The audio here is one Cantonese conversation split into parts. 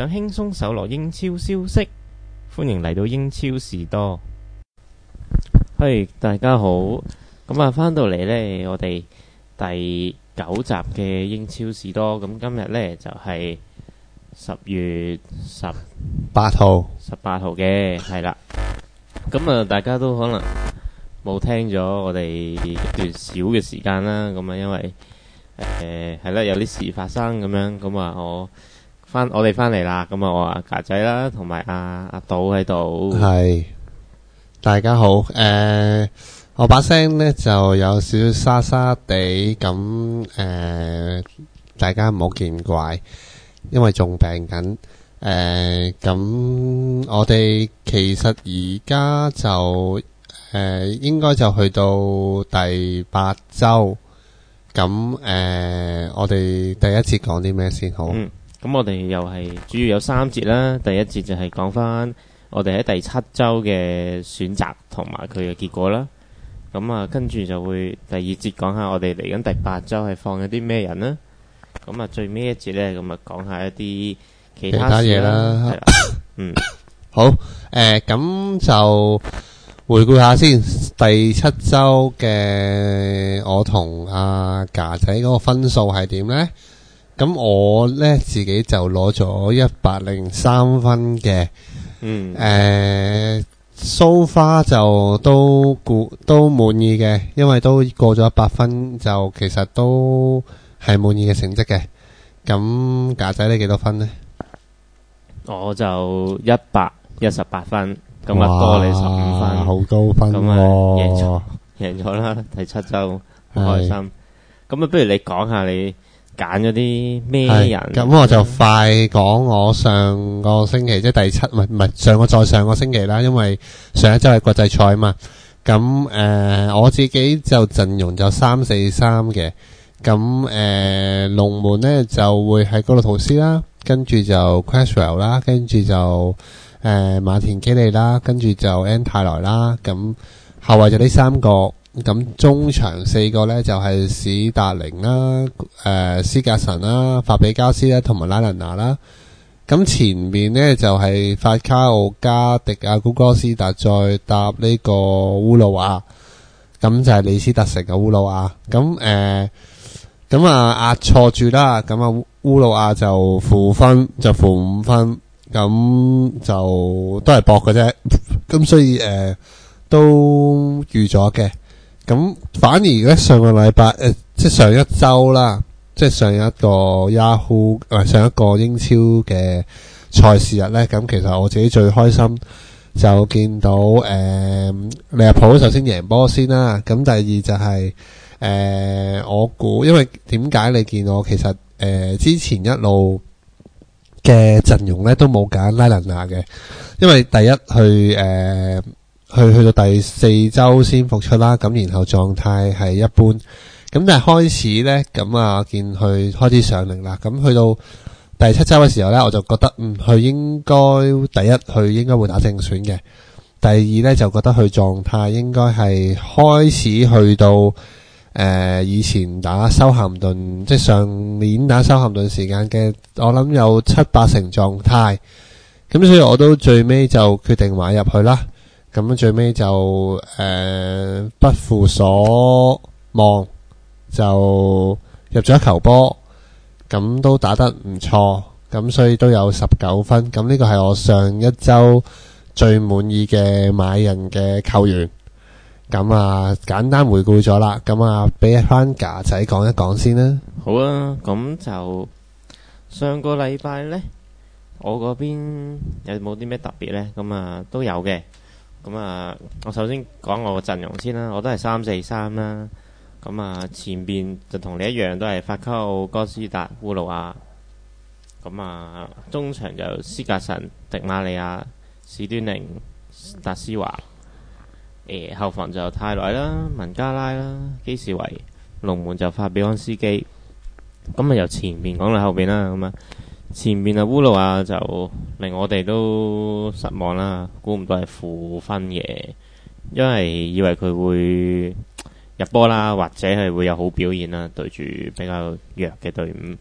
想輕鬆搜羅英超消息，歡迎嚟到英超士多。係、hey, 大家好，咁啊翻到嚟呢，我哋第九集嘅英超士多。咁今日呢，就係、是、十月十八號，十八號嘅係啦。咁啊，大家都可能冇聽咗我哋一段小嘅時間啦。咁啊，因為誒係啦，有啲事發生咁樣，咁啊我。翻我哋返嚟啦，咁啊，阿格仔啦，同埋阿阿倒喺度。係大家好，誒、呃，我把聲呢就有少少沙沙地，咁誒、呃，大家唔好見怪，因爲仲病緊，誒、呃，咁我哋其實而家就誒、呃，應該就去到第八周，咁誒、呃，我哋第一次講啲咩先好？嗯咁我哋又係主要有三節啦，第一節就係講翻我哋喺第七周嘅選擇同埋佢嘅結果啦。咁啊，跟住就會第二節講下我哋嚟緊第八周係放咗啲咩人啦。咁啊，最尾一節呢，咁啊講下一啲其他嘢啦。係啦，嗯，好，誒、呃，咁就回顧下先第七周嘅我同阿賈仔嗰個分數係點呢？咁我呢，自己就攞咗一百零三分嘅，嗯，蘇花、呃 so、就都估都滿意嘅，因為都過咗一百分，就其實都係滿意嘅成績嘅。咁格仔你幾多分呢？我就一百一十八分，咁啊多你十五分，好高分，哦，贏咗，贏咗啦！第七周好開心，咁啊是，不如你講下你。揀咗啲咩人？咁我就快講我上個星期即係第七，唔係唔係上個再上個星期啦，因為上一周係國際賽嘛。咁誒、呃，我自己就陣容就三四三嘅。咁誒，龍、呃、門咧就會係高路圖斯啦，跟住就 Cresswell 啦，跟住就誒、呃、馬田基利啦，跟住就安泰萊啦。咁後衛就呢三個。咁中場四個呢，就係、是、史達寧啦、誒、呃、斯格臣啦、啊、法比加斯啦同埋拉倫娜啦、啊。咁前面呢，就係、是、法卡奧、加迪亞古哥斯達，再搭呢個烏魯亞。咁就係李斯特城嘅烏魯亞。咁誒，咁、呃、啊壓錯住啦。咁啊烏魯亞就負分，就負五分。咁就都係搏嘅啫。咁 所以誒、呃、都預咗嘅。咁反而咧，上個禮拜誒、呃，即係上一周啦，即係上一個 Yahoo，呃上一個英超嘅賽事日呢，咁其實我自己最開心就見到誒、呃，利物浦首先贏波先啦。咁第二就係、是、誒、呃，我估因為點解你見我其實誒、呃、之前一路嘅陣容呢都冇揀拉倫娜嘅，因為第一去誒。呃去去到第四周先復出啦，咁然後狀態係一般咁，但係開始呢，咁啊，見佢開始上嚟啦。咁去到第七周嘅時候呢，我就覺得嗯，佢應該第一佢應該會打正選嘅，第二呢，就覺得佢狀態應該係開始去到誒、呃、以前打修咸頓，即係上年打修咸頓時間嘅，我諗有七八成狀態咁，所以我都最尾就決定買入去啦。咁最尾就誒、呃，不負所望，就入咗球波，咁都打得唔錯，咁所以都有十九分，咁呢個係我上一周最滿意嘅買人嘅球員。咁啊，簡單回顧咗啦，咁啊，俾翻架仔講一講先啦。好啊，咁就上個禮拜呢，我嗰邊有冇啲咩特別呢？咁啊，都有嘅。咁啊、嗯，我首先講我個陣容先啦，我都係三四三啦。咁、嗯、啊，前邊就同你一樣，都係法卡奧、哥斯達、烏魯亞。咁、嗯、啊，中場就斯格神、迪馬利亞、史端寧、達斯華。誒、呃，後防就泰來啦、文加拉啦、基士維。龍門就法比安斯基。咁、嗯、啊，由前面講到後邊啦，咁、嗯、啊。前面烏魯啊烏魯亞就令我哋都失望啦，估唔到係負分嘅，因為以為佢會入波啦，或者係會有好表現啦，對住比較弱嘅隊伍。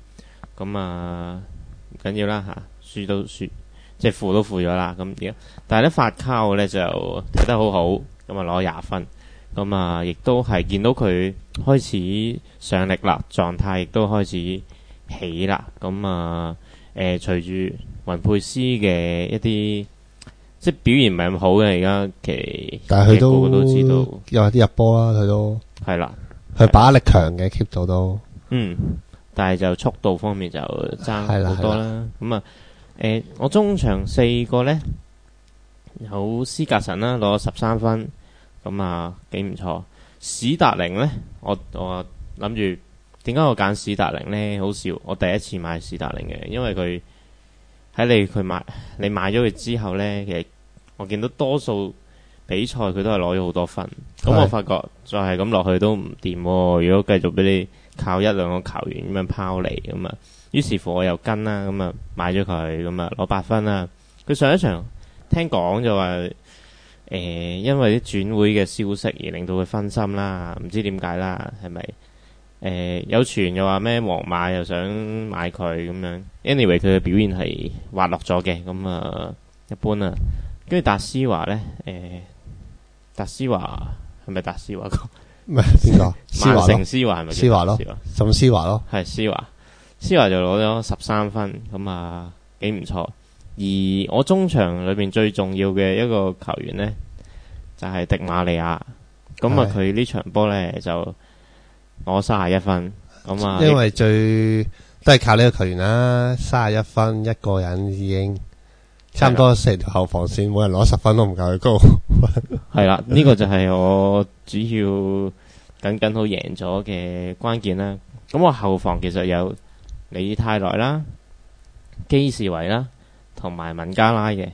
咁啊唔緊要啦吓、啊，輸都輸，即係負都負咗啦。咁而家，但係咧法卡奧呢就踢得好好，咁啊攞廿分，咁啊亦都係見到佢開始上力啦，狀態亦都開始起啦，咁啊～誒，隨住雲佩斯嘅一啲即係表現唔係咁好嘅，而家其，但係佢都個個都知道，有啲入波啦，佢都係啦，佢的把握力強嘅 keep 到都，嗯，但係就速度方面就爭好多啦，咁啊，誒、呃，我中場四個咧，有斯格臣啦，攞咗十三分，咁啊幾唔錯，史達寧咧，我我諗住。點解我揀史達寧呢？好笑，我第一次買史達寧嘅，因為佢喺你佢買你買咗佢之後呢，其實我見到多數比賽佢都係攞咗好多分。咁的我發覺再係咁落去都唔掂。哦。如果繼續俾你靠一兩個球員咁樣拋離咁啊，於是乎我又跟啦，咁啊買咗佢，咁啊攞八分啦。佢上一場聽講就話，誒、呃，因為啲轉會嘅消息而令到佢分心啦，唔知點解啦，係咪？誒、呃，有傳又話咩？皇馬又想買佢咁樣。Anyway，佢嘅表現係滑落咗嘅，咁啊、呃、一般啊。跟住達斯華呢？誒、呃，達斯華係咪達斯華哥？唔係邊個？啊、 曼成斯華係咪？斯華咯，甚斯華咯，係斯華。斯華就攞咗十三分，咁啊幾唔錯。而我中場裏邊最重要嘅一個球員呢，就係、是、迪馬利亞。咁啊，佢呢場波呢，就。的我三十一分，咁啊，因為最都係靠呢個球員啦，三十一分一個人已經差，差唔多成條後防線每人攞十分都唔夠佢高。係 啦，呢、呢個就係我主要僅僅好贏咗嘅關鍵啦。咁我後防其實有李太來啦、基士維啦，同埋文加拉嘅。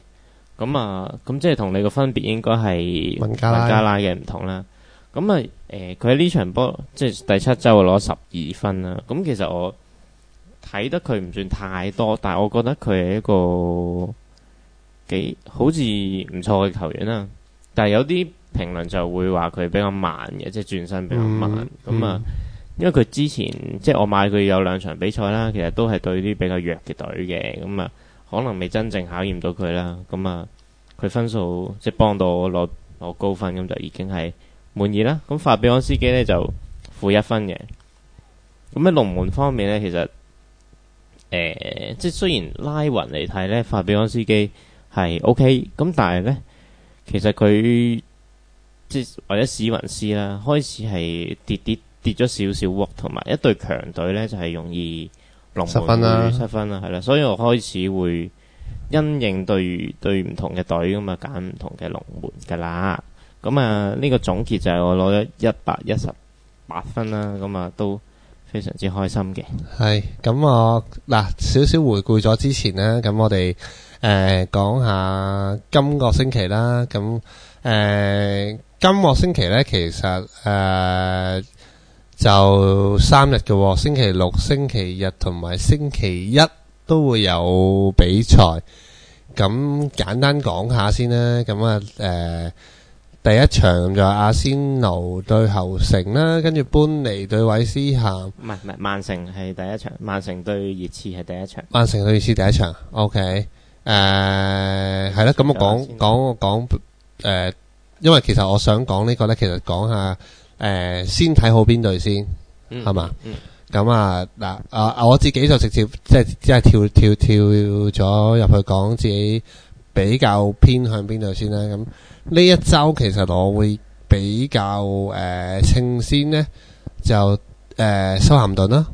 咁啊，咁即係同你個分別應該係文加拉嘅唔同啦。咁啊，誒，佢喺呢場波即係第七周攞十二分啦。咁其實我睇得佢唔算太多，但係我覺得佢係一個幾好似唔錯嘅球員啦。但係有啲評論就會話佢比較慢嘅，即係轉身比較慢咁啊、mm hmm。因為佢之前即係我買佢有兩場比賽啦，其實都係對啲比較弱嘅隊嘅，咁啊，可能未真正考驗到佢啦。咁啊，佢分數即係幫到我攞攞高分，咁就已經係。滿意啦，咁法比安斯基呢就負一分嘅。咁喺龍門方面呢，其實誒、呃，即係雖然拉雲嚟睇呢，法比安斯基係 OK，咁但係呢，其實佢即係或者史雲斯啦，開始係跌跌跌咗少少喎，同埋一對強隊呢，就係、是、容易龍門失分啦，失分啦，係啦，所以我開始會因應對對唔同嘅隊咁啊，揀唔同嘅龍門㗎喇。咁啊，呢、嗯這個總結就係我攞咗一百一十八分啦。咁、嗯、啊、嗯，都非常之開心嘅。係咁、嗯，我嗱少少回顧咗之前呢。咁、嗯、我哋誒、呃、講下今個星期啦。咁、嗯、誒、呃，今個星期呢，其實誒、呃、就三日嘅，星期六、星期日同埋星期一都會有比賽。咁、嗯、簡單講下先啦。咁、嗯、啊、誒、呃。第一場就係阿仙奴對侯城啦，跟住般尼對韋斯咸，唔係唔係，曼城係第一場，曼城對熱刺係第一場，曼城對熱刺第一場，OK，誒係啦，咁我講講我講，誒刺、嗯，因為其實我想講呢個呢，其實講下，誒、嗯，先睇好邊隊先，係嘛，咁啊嗱，啊我自己就直接即係即係跳跳跳咗入去講自己比較偏向邊隊先啦，咁、嗯。嗯嗯嗯呢一周其實我會比較誒稱、呃、先呢就誒修咸頓啦，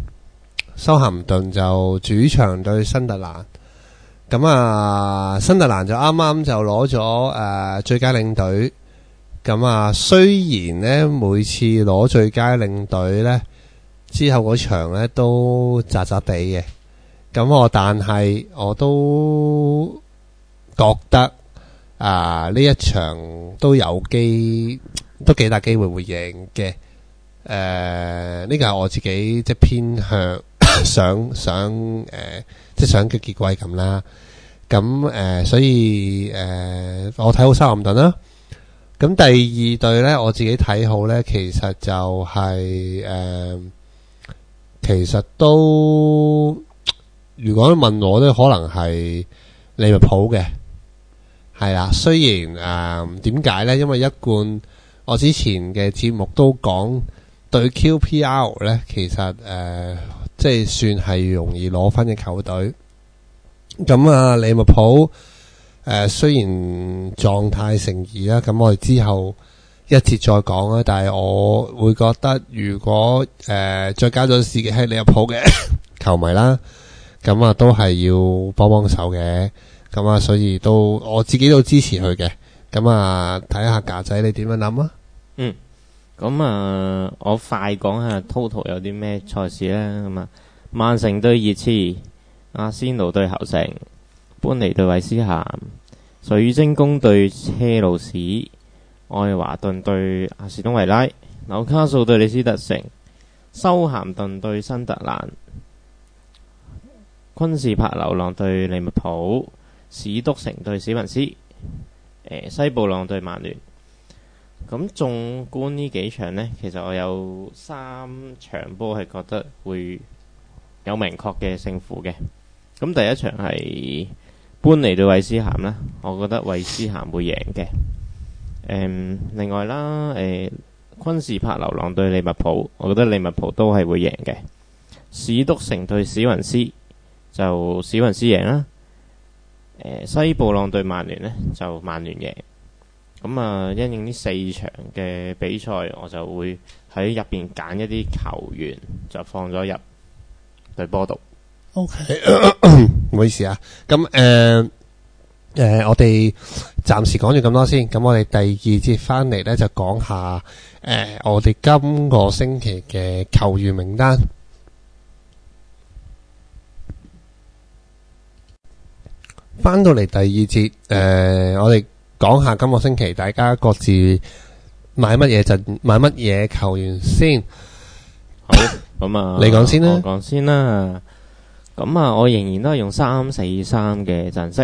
修咸頓就主場對新特蘭，咁啊新特蘭就啱啱就攞咗誒最佳領隊，咁啊雖然咧每次攞最佳領隊呢之後嗰場呢都渣渣地嘅，咁我但係我都覺得。啊！呢一場都有機，都幾大機會會贏嘅。誒、呃，呢個係我自己即係偏向 想想誒、呃，即係想嘅結局咁啦。咁誒、呃，所以誒、呃，我睇好三林頓啦。咁第二隊呢，我自己睇好呢，其實就係、是、誒、呃，其實都如果問我呢，可能係利物浦嘅。係啦，雖然誒，點、呃、解呢？因為一貫我之前嘅節目都講對 QPR 呢，其實誒、呃，即係算係容易攞分嘅球隊。咁啊，利物浦誒、呃，雖然狀態成疑啦，咁我哋之後一節再講啦。但係我會覺得，如果誒、呃、再加咗自己係利物浦嘅 球迷啦，咁啊，都係要幫幫手嘅。咁啊，所以都我自己都支持佢嘅。咁啊，睇下架仔你點樣諗啊？嗯，咁、嗯、啊，我快講下 Total 有啲咩賽事啦。咁、嗯、啊，曼城對熱刺，阿仙奴對侯城，搬尼對維斯咸，水晶宮對車路士，愛華頓對阿士東維拉，紐卡素對李斯特城，修咸頓對新特蘭，昆士柏流浪對利物浦。史篤城對史雲斯，呃、西布朗對曼聯，咁縱觀呢幾場呢，其實我有三場波係覺得會有明確嘅勝負嘅。咁、嗯、第一場係般尼對韋斯咸啦,我覺得韋斯咸會贏嘅，嗯。另外啦，誒、呃，昆士柏流浪對利物浦，我覺得利物浦都係會贏嘅。史篤城對史雲斯就史雲斯贏啦。誒，西布朗對曼聯呢，就曼聯贏，咁、嗯、啊因應呢四場嘅比賽，我就會喺入邊揀一啲球員就放咗入對波度。O Okay . K， 唔好意思啊，咁誒誒，我哋暫時講住咁多先，咁我哋第二節翻嚟呢，就講下誒，我哋今個星期嘅球員名單。翻到嚟第二節，誒、呃，我哋講下今個星期大家各自買乜嘢就買乜嘢球員先。好咁啊， 你講先、先啦，我講先啦。咁啊，我仍然都係用三四三嘅陣式。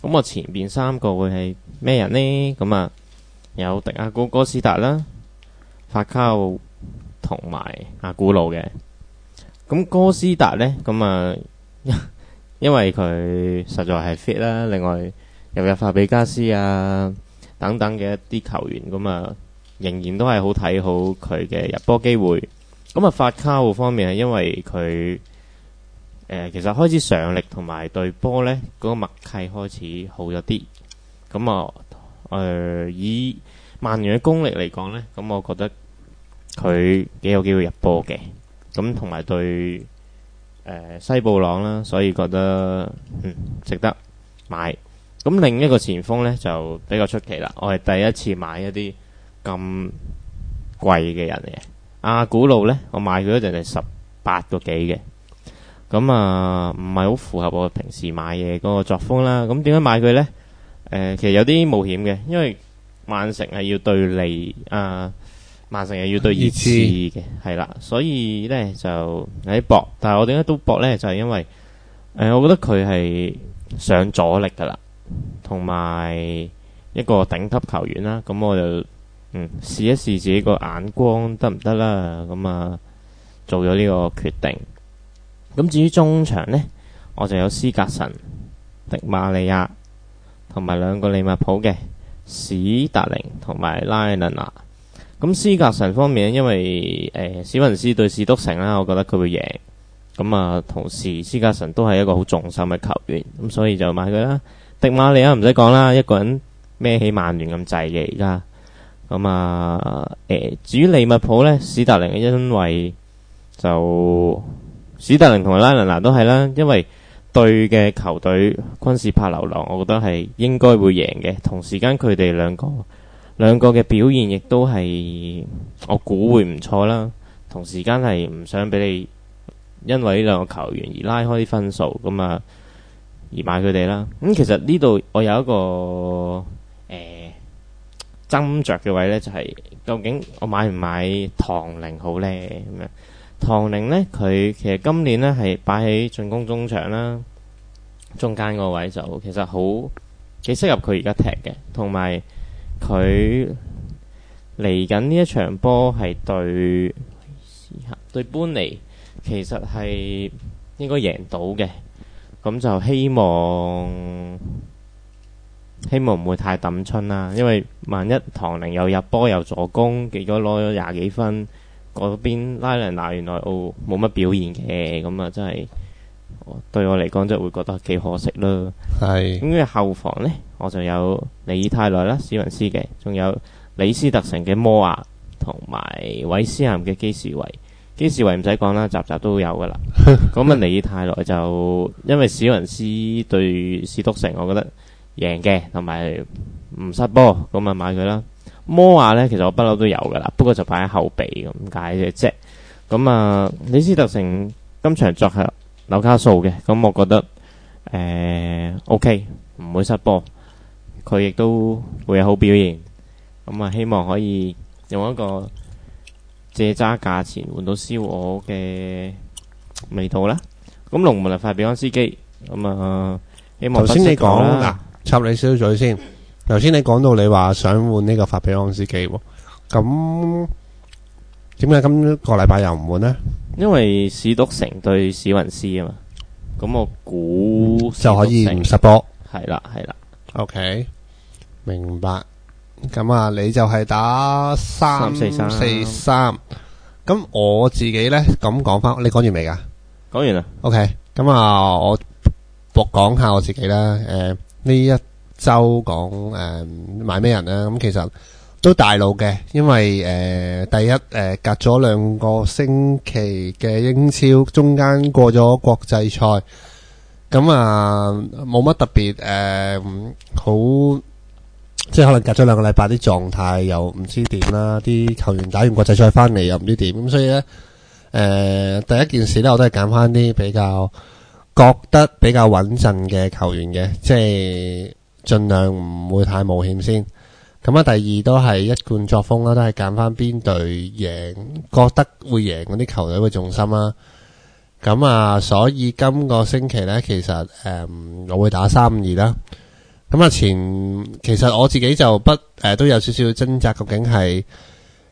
咁我前邊三個會係咩人呢？咁啊，有迪亞古哥斯達啦，法卡奧同埋阿古魯嘅。咁哥斯達呢，咁啊。 因為佢實在係 fit 啦，另外又有法比加斯啊等等嘅一啲球員，咁啊，仍然都係好睇好佢嘅入波機會。咁啊，法卡奧方面係因為佢誒其實開始上力同埋對波呢嗰個默契開始好咗啲。咁啊誒以曼聯嘅功力嚟講呢，咁我覺得佢幾有機會入波嘅。咁同埋對呃、西布朗啦，所以覺得、嗯、值得買。咁另一個前鋒呢，就比較出奇啦，我係第一次買一啲咁貴嘅人嚟嘅。阿、啊、古路呢，我買佢嗰陣係十八個幾嘅。咁啊，唔係好符合我平時買嘢嗰個作風啦。咁點解買佢呢？誒、呃，其實有啲冒險嘅，因為曼城係要對利。啊。曼城又要對熱刺嘅，係啦，所以咧就喺博，但係我點解都博咧，就係、是、因為，誒、呃，我覺得佢係上咗力噶啦，同埋一個頂級球員啦，咁我就，嗯，試一試自己個眼光得唔得啦，咁啊，做咗呢個決定。咁至於中場呢，我就有斯格神、迪馬利亞，同埋兩個利物浦嘅史達寧同埋拉倫拿。咁斯格神方面因為誒、呃、史雲斯對史篤城啦，我覺得佢會贏。咁啊，同時斯格神都係一個好重心嘅球員，咁所以就買佢啦。迪馬利亞啊，唔使講啦，一個人孭起曼聯咁滯嘅而家。咁啊，至於、呃、利物浦呢，史特靈因為就史特靈同拉倫拿都係啦，因為對嘅球隊昆士柏流浪，我覺得係應該會贏嘅。同時間佢哋兩個。兩個嘅表現亦都係我估會唔錯啦。同時間係唔想俾你因為呢兩個球員而拉開啲分數咁啊，而買佢哋啦。咁、嗯、其實呢度我有一個誒斟酌嘅位呢、就係，就係究竟我買唔買唐寧好呢？咁樣唐寧呢，佢其實今年呢係擺喺進攻中場啦，中間個位就其實好幾適合佢而家踢嘅，同埋。佢嚟緊呢一場波係對對搬尼，其實係應該贏到嘅。咁 就希望希望唔會太抌春啦， 因為萬一唐寧又入波又助攻，結果攞咗廿幾分。嗰邊拉倫娜原來哦冇乜表現嘅，咁啊真係。對我嚟講，真係會覺得幾可惜咯。係咁嘅後防呢，我就有李太來啦，史雲斯嘅，仲有李斯特城嘅摩亞同埋韋斯咸嘅基士維。基士維唔使講啦，集集都有噶啦。咁啊， 李太來就因為史雲斯對史篤城，我覺得贏嘅，同埋唔失波，咁啊買佢啦。摩亞呢，其實我不嬲都有噶啦，不過就擺喺後備，咁解啫。咁啊，李斯特城今場作客紐卡素嘅，咁我覺得誒 OK，唔會失波，佢亦都會有好表現，咁啊希望可以用一個蔗渣價錢換到燒鵝嘅味道啦。咁龍門係法比安斯基，咁啊希望頭先你講嗱，插你少少嘴先。頭先你講到你話想換呢個法比安斯基，咁。點解今個禮拜又唔換咧？因為史篤城對史雲斯啊嘛，咁我估就可以唔直播。係啦，係啦。OK，明白。咁啊，你就係打三四三四三。咁我自己咧咁講翻，你講完未噶？講完啦。OK，咁啊，我講下我自己啦。誒，呢一周講誒買咩人咧？咁其實。都大路嘅，因為誒、呃、第一誒、呃、隔咗兩個星期嘅英超，中間過咗國際賽，咁啊冇乜特別誒、呃、好，即係可能隔咗兩個禮拜啲狀態又唔知點啦，啲球員打完國際賽翻嚟又唔知點，咁所以呢，誒、呃、第一件事呢，我都係揀翻啲比較覺得比較穩陣嘅球員嘅，即係盡量唔會太冒險先。咁啊，第二都係一貫作風啦，都係揀翻邊隊贏，覺得會贏嗰啲球隊嘅重心啦。咁啊，所以今個星期呢，其實誒、嗯，我會打三五二啦。咁啊，前其實我自己就不誒、呃，都有少少掙扎，究竟係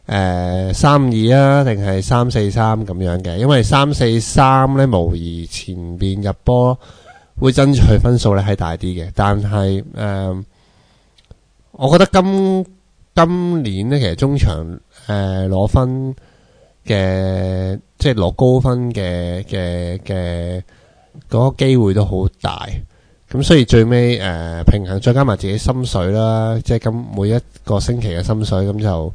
誒三五二啊，定係三四三咁樣嘅？因為三四三呢，無疑前邊入波會爭取分數呢係大啲嘅，但係誒，嗯我覺得今今年咧，其實中場誒攞、呃、分嘅，即係攞高分嘅嘅嘅嗰個機會都好大。咁所以最尾誒、呃、平衡，再加埋自己心水啦，即係咁每一個星期嘅心水咁就誒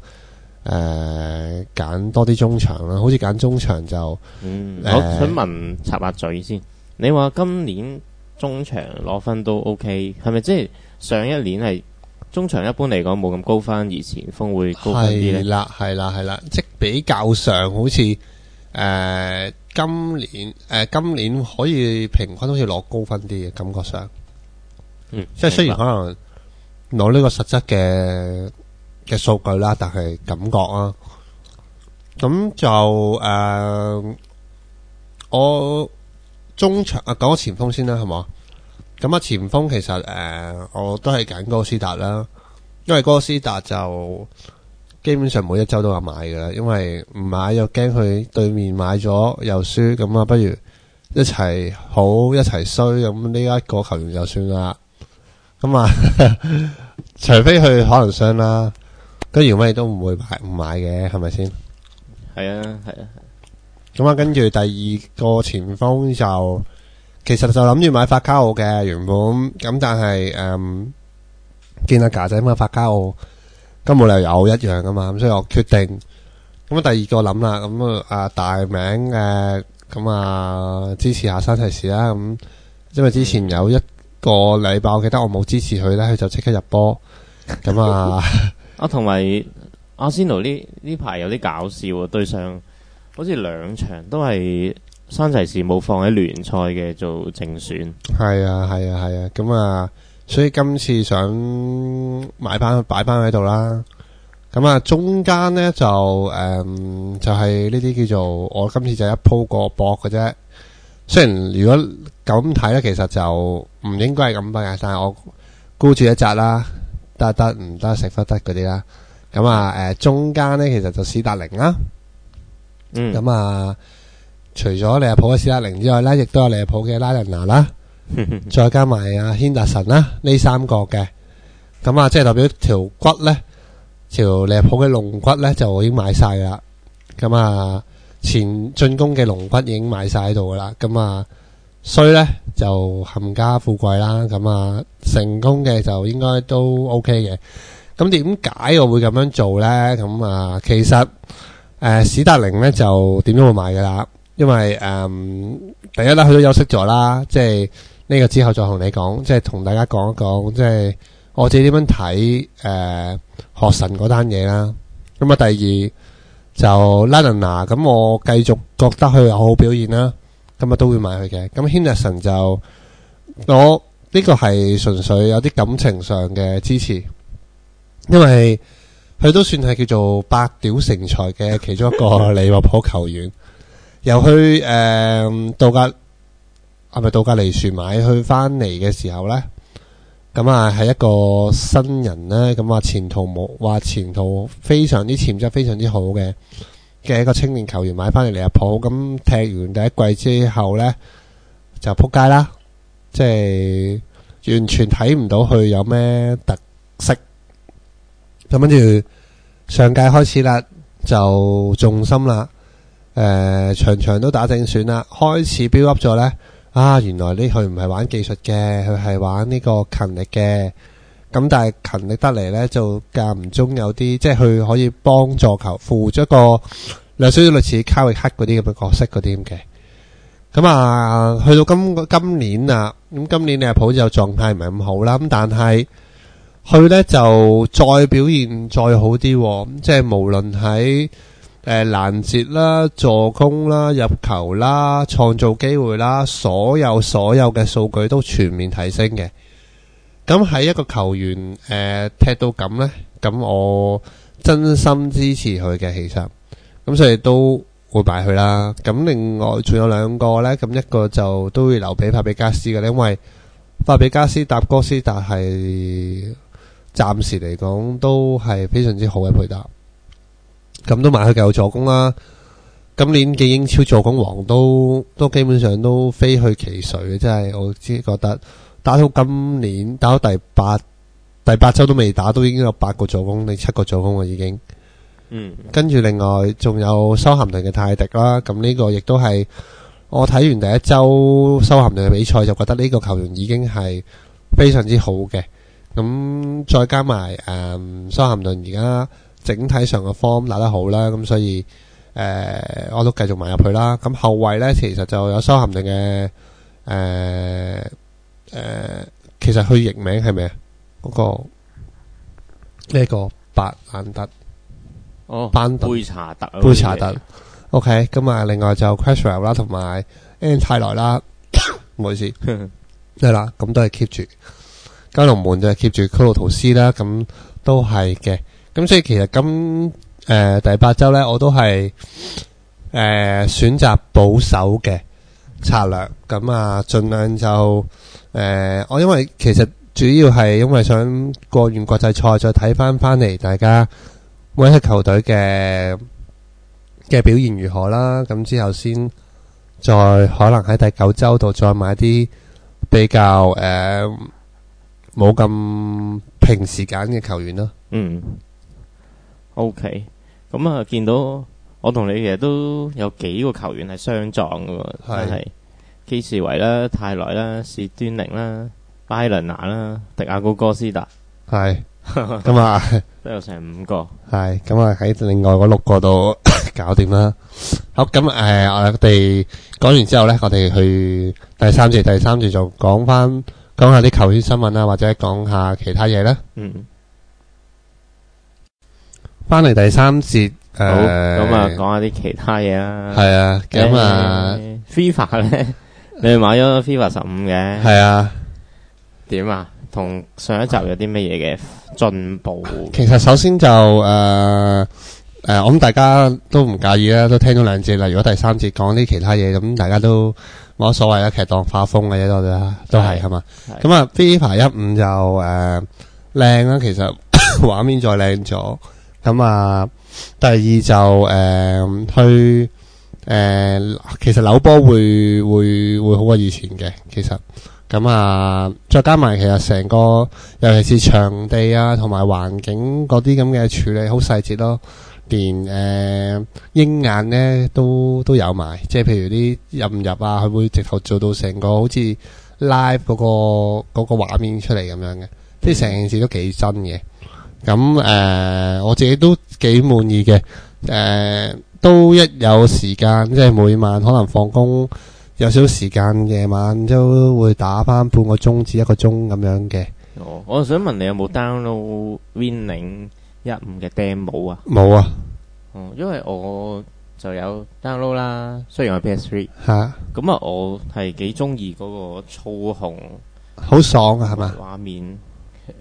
揀、呃、多啲中場啦。好似揀中場就，嗯、呃、我想問插下、啊、嘴先。你話今年中場攞分都 OK，係咪即係上一年係？中場一般嚟講冇咁高分，而前鋒會高分啲咧。係啦，係啦，係啦，即比較上好似誒，今年誒、呃，今年可以平均好似攞高分啲嘅感覺上。嗯，即係雖然可能攞呢個實質嘅嘅數據啦，但係感覺啊，咁就誒、呃，我中場啊，講前鋒先啦，係嘛？咁啊，前鋒其實誒、呃，我都係揀哥斯達啦，因為哥斯達就基本上每一周都有買㗎喇，因為唔買又驚佢對面買咗又輸，咁啊不如一齊好一齊衰，咁呢一個球員就算、啊、 啦。咁啊，除非佢可能傷啦，跟住咩都唔會買唔買嘅，係咪先？係啊係啊係。咁啊，啊跟住第二個前鋒就。其實就諗住買法卡奧嘅原本咁，但係嗯見阿格仔買法卡奧，咁冇理由有一樣㗎嘛，咁所以我決定咁啊、嗯、第二個諗啦，咁、嗯、啊啊大名嘅咁啊、啊支持下山提士啦，咁、嗯、因為之前有一個禮拜我記得我冇支持佢呢，佢就即刻入波咁、嗯、啊！我同埋阿仙奴呢呢排有啲搞笑啊，對上好似兩場都係。山崎是冇放喺聯賽嘅做正選，係啊係啊係啊，咁啊，所以今次想買翻擺翻喺度啦。咁啊，中間呢就誒，就係呢啲叫做我今次就一鋪個博嘅啫。雖然如果咁睇呢，其實就唔應該係咁嘅，但係我顧住一扎啦，得得唔得食不得嗰啲啦。咁啊，誒，中間呢其實就史達靈啦，嗯，咁啊。除咗利物浦嘅史達寧之外咧，亦都有利物浦嘅拉仁拿啦，再加埋阿軒達臣啦，呢三個嘅，咁啊，即係代表條骨咧，條利物浦嘅龍骨咧就已經買晒啦。咁啊，前進攻嘅龍骨已經買晒喺度噶啦。咁啊，衰咧就冚家富貴啦。咁啊，成功嘅就應該都 OK 嘅。咁點解我會咁樣做咧？咁啊，其實誒史達寧咧就點樣會買噶啦？因為誒、嗯，第一啦，佢都休息咗啦，即係呢、這個之後再同你講，即係同大家講一講，即係我自己點樣睇誒學神嗰單嘢啦。咁、嗯、啊，第二就拉蘭拿，咁我繼續覺得佢有好表現啦，咁、嗯、啊都會買佢嘅。咁、嗯、Henderson 就我呢、這個係純粹有啲感情上嘅支持，因為佢都算係叫做百屌成才嘅其中一個利物浦球員。 又去誒杜格係咪，杜格尼船買去返嚟嘅時候呢，咁啊係一個新人呢。咁話前途冇話前途非常之潛質，非常之好嘅嘅一個青年球員買返嚟利物浦，咁踢完第一季之後呢，就撲街啦，即係完全睇唔到佢有咩特色。咁跟住上屆開始啦，就重心啦。誒，場場、呃、都打正選啦，開始飆 up 咗呢。啊，原來呢，佢唔係玩技術嘅，佢係玩呢個勤力嘅。咁但係勤力得嚟呢，就間唔中有啲，即係佢可以幫助球，負咗個有少少類似卡域克嗰啲咁嘅角色嗰啲咁嘅。咁啊，去到今今年啊，咁今年你阿普就狀態唔係咁好啦。咁但係佢呢，就再表現再好啲，咁即係無論喺。誒，攔截啦、助攻啦、入球啦、創造機會啦，所有所有嘅數據都全面提升嘅。咁喺一個球員誒、呃、踢到咁呢，咁我真心支持佢嘅，其實咁所以都會買佢啦。咁另外仲有兩個呢，咁一個就都會留俾法比加斯嘅，因為法比加斯搭哥斯達係暫時嚟講都係非常之好嘅配搭。咁都買佢舊助攻啦，今年嘅英超助攻王都都基本上都飛去其誰嘅，真係我自己覺得打到今年打到第八第八周都未打，都已經有八個助攻，定七個助攻啊已經，嗯、跟住另外仲有修咸頓嘅泰迪啦，咁呢個亦都係我睇完第一周修咸頓嘅比賽就覺得呢個球員已經係非常之好嘅，咁再加埋誒修咸頓而家。嗯整體上嘅 form 打得好啦，咁所以誒、呃、我都繼續買入去啦。咁後衛咧，其實就有收含定嘅誒誒。其實佢譯名係咪啊？嗰、那個呢、這個白蘭德，哦班杯茶德杯茶德。O K，咁啊，okay, 另外就 Cresswell 啦，同埋 Ant 泰萊啦。唔 好意思，係 啦，咁都係 keep 住。加龍門就 keep 住科魯圖斯啦，咁都係嘅。咁所以其實今誒、呃、第八周呢，我都係誒、呃、選擇保守嘅策略，咁啊盡量就誒、呃、我因為其實主要係因為想過完國際賽再睇翻翻嚟，大家每一個球隊嘅嘅表現如何啦，咁之後先再，再可能喺第九周度再買啲比較誒冇咁平時揀嘅球員啦。嗯。O K，咁啊，okay，見到我同你其實都有幾個球員係相撞噶，真係是基士維啦、泰萊啦、史端寧啦、巴倫拿啦、迪亞哥哥斯達，係咁啊， 都有成五個，係咁啊，喺另外嗰六個度搞掂啦。好，咁誒、啊，我哋講完之後呢，我哋去第三段，第三段就講翻講下啲球員新聞啦，或者講下其他嘢啦。嗯。翻嚟第三節，呃、好咁啊，講下啲其他嘢啦。係啊，咁啊，FIFA 咧，你買咗 FIFA 十五嘅係啊？點啊？同上一集有啲乜嘢嘅進步？其實首先就誒誒、呃呃，我諗大家都唔介意啦，都聽咗兩節啦。如果第三節講啲其他嘢，咁大家都冇所謂啦。其實當花風嘅嘢都得啦，都係係嘛。咁啊，FIFA 一五就誒靚啦，其實畫面再靚咗。咁啊、嗯，第二就誒、是嗯、去誒、嗯，其實扭波會會會好過以前嘅，其實咁啊、嗯嗯，再加埋其實成個，尤其是場地啊同埋環境嗰啲咁嘅處理，好細節咯，連誒鷹、嗯、眼咧都都有埋，即係譬如啲入唔入啊，佢會直頭做到成個好似 live 嗰、嗰個嗰、嗰個畫面出嚟咁樣嘅，即係成件事都幾真嘅。咁誒、呃，我自己都幾滿意嘅。誒、呃，都一有時間，即係每晚可能放工有少少時間，夜晚都會打翻半個鐘至一個鐘咁樣嘅。我想問你有冇 download《Winning 一五》嘅 demo 啊？冇有啊、嗯。因為我就有 download 啦。雖然我 PS 三吓，咁啊，我係幾中意嗰個操控，好爽啊，係嘛？畫面、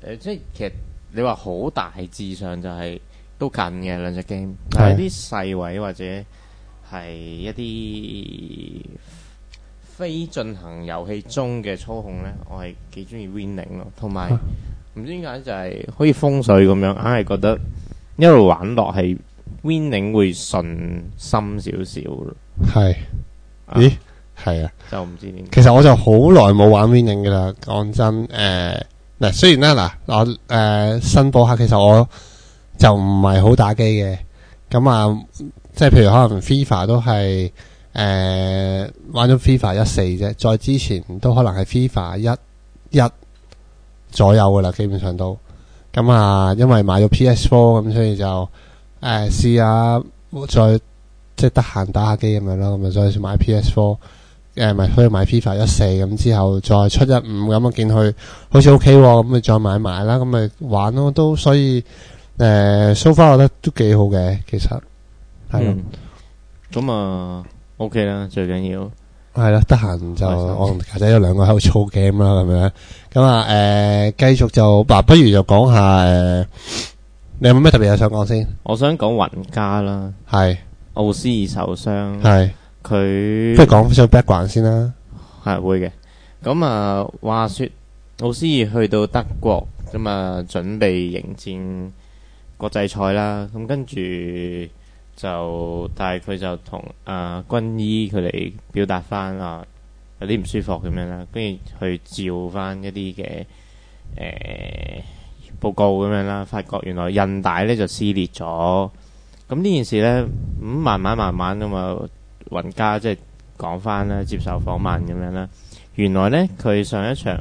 呃、即係其實。你話好大致上就係都近嘅兩隻 game，但係啲細位或者係一啲非進行遊戲中嘅操控呢，我係幾中意 Winning 咯，同埋唔知點解就係可以風水咁樣，硬係覺得一路玩落係 Winning 會順心少少咯。係，咦，係啊，就唔知點解。其實我就好耐冇玩 Winning 噶啦，講真，誒。嗱，雖然咧，嗱，我誒、呃、新播客，其實我就唔係好打機嘅，咁啊，即係譬如可能 FIFA 都係誒、呃、玩咗 FIFA 一四啫，再之前都可能係 FIFA 一一左右噶啦，基本上都，咁啊，因為買咗 PS Four 咁，所以就誒、呃、試下再即係得閒打下機咁樣咯，咁啊再買 PS Four。誒，咪可以買 FIFA 一四，咁之後再出一五，咁我見佢好似 O K，咁咪再買買啦，咁咪玩咯，都所以誒 so far 我覺得都幾好嘅，其實係咯，咁啊 O K 啦，最緊要係啦，得閒就的我同家仔有兩個喺度操 game 啦，係咪啊？咁啊，誒、呃、繼續就，嗱、啊、不如就講下誒、呃，你有冇咩特別嘢想講先？我想講雲加啦，係奧的斯爾受傷係。的的佢不如講少 background 先啦，啊，係會嘅。咁、嗯、啊，話說老師去到德國咁啊、嗯，準備迎戰國際賽啦。咁、嗯、跟住就，但係佢就同啊、呃、軍醫佢哋表達翻啊有啲唔舒服咁樣啦。跟住去照翻一啲嘅誒報告咁樣啦，發覺原來韌帶咧就撕裂咗。咁、嗯、呢件事咧，咁、嗯、慢慢慢慢噶嘛。雲家即係講返啦，接受訪問咁樣啦。原來呢，佢上一場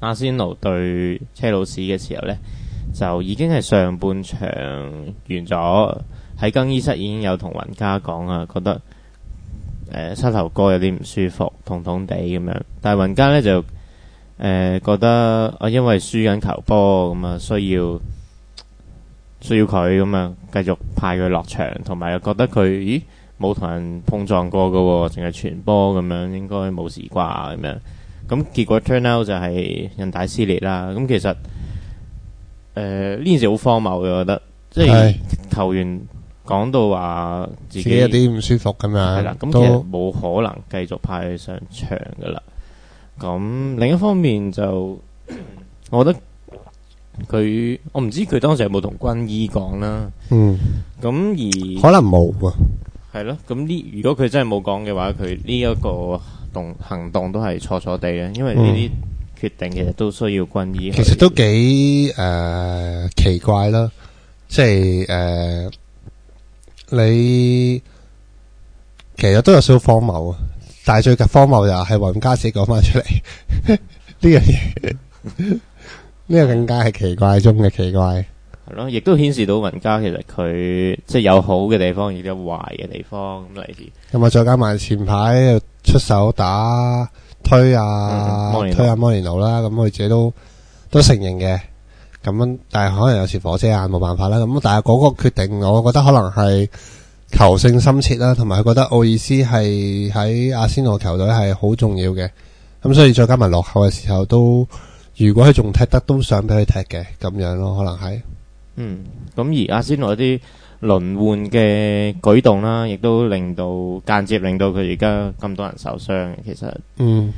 阿仙奴對車路士嘅時候呢，就已經係上半場完咗，喺更衣室已經有同雲家講啊，覺得誒、呃、膝頭哥有啲唔舒服，痛痛地咁樣。但係雲家呢，就誒、呃、覺得啊、呃，因為輸緊球波咁啊，需要需要佢咁啊，繼續派佢落場，同埋又覺得佢咦？冇同人碰撞過嘅，淨係傳波咁樣，應該冇事啩咁樣。咁結果 turn out 就係人大撕裂啦。咁其實誒呢件事好荒謬嘅，我覺得即係球員講到話自己有啲唔舒服咁樣，咁其實冇可能繼續派去上場嘅啦。咁另一方面就，我覺得佢我唔知佢當時有冇同軍醫講啦。嗯，咁而可能冇啊。係咯，咁呢？如果佢真係冇講嘅話，佢呢一個動行動都係錯錯地嘅，因為呢啲決定其實都需要軍醫、嗯呃呃。其實都幾誒奇怪啦，即係誒你其實都有少少荒謬啊！但係最近荒謬又係雲加自己講翻出嚟呢樣嘢，呢 個，東 個更加係奇怪中嘅奇怪。係咯，亦都顯示到雲加其實佢即係有好嘅地方，亦有壞嘅地方咁嚟自。咁啊、嗯，再加埋前排出手打推啊，嗯、尼推阿、啊、摩連奴啦，咁佢自己都都承認嘅。咁但係可能有時火遮眼，冇辦法啦。咁但係嗰個決定，我覺得可能係求勝心切啦，同埋佢覺得奧爾斯係喺阿仙奴球隊係好重要嘅。咁所以再加埋落後嘅時候都，都如果佢仲踢得，都想俾佢踢嘅咁樣咯，可能係。嗯，咁而阿仙奴一啲輪換嘅舉動啦，亦都令到間接令到佢而家咁多人受傷。其實，嗯，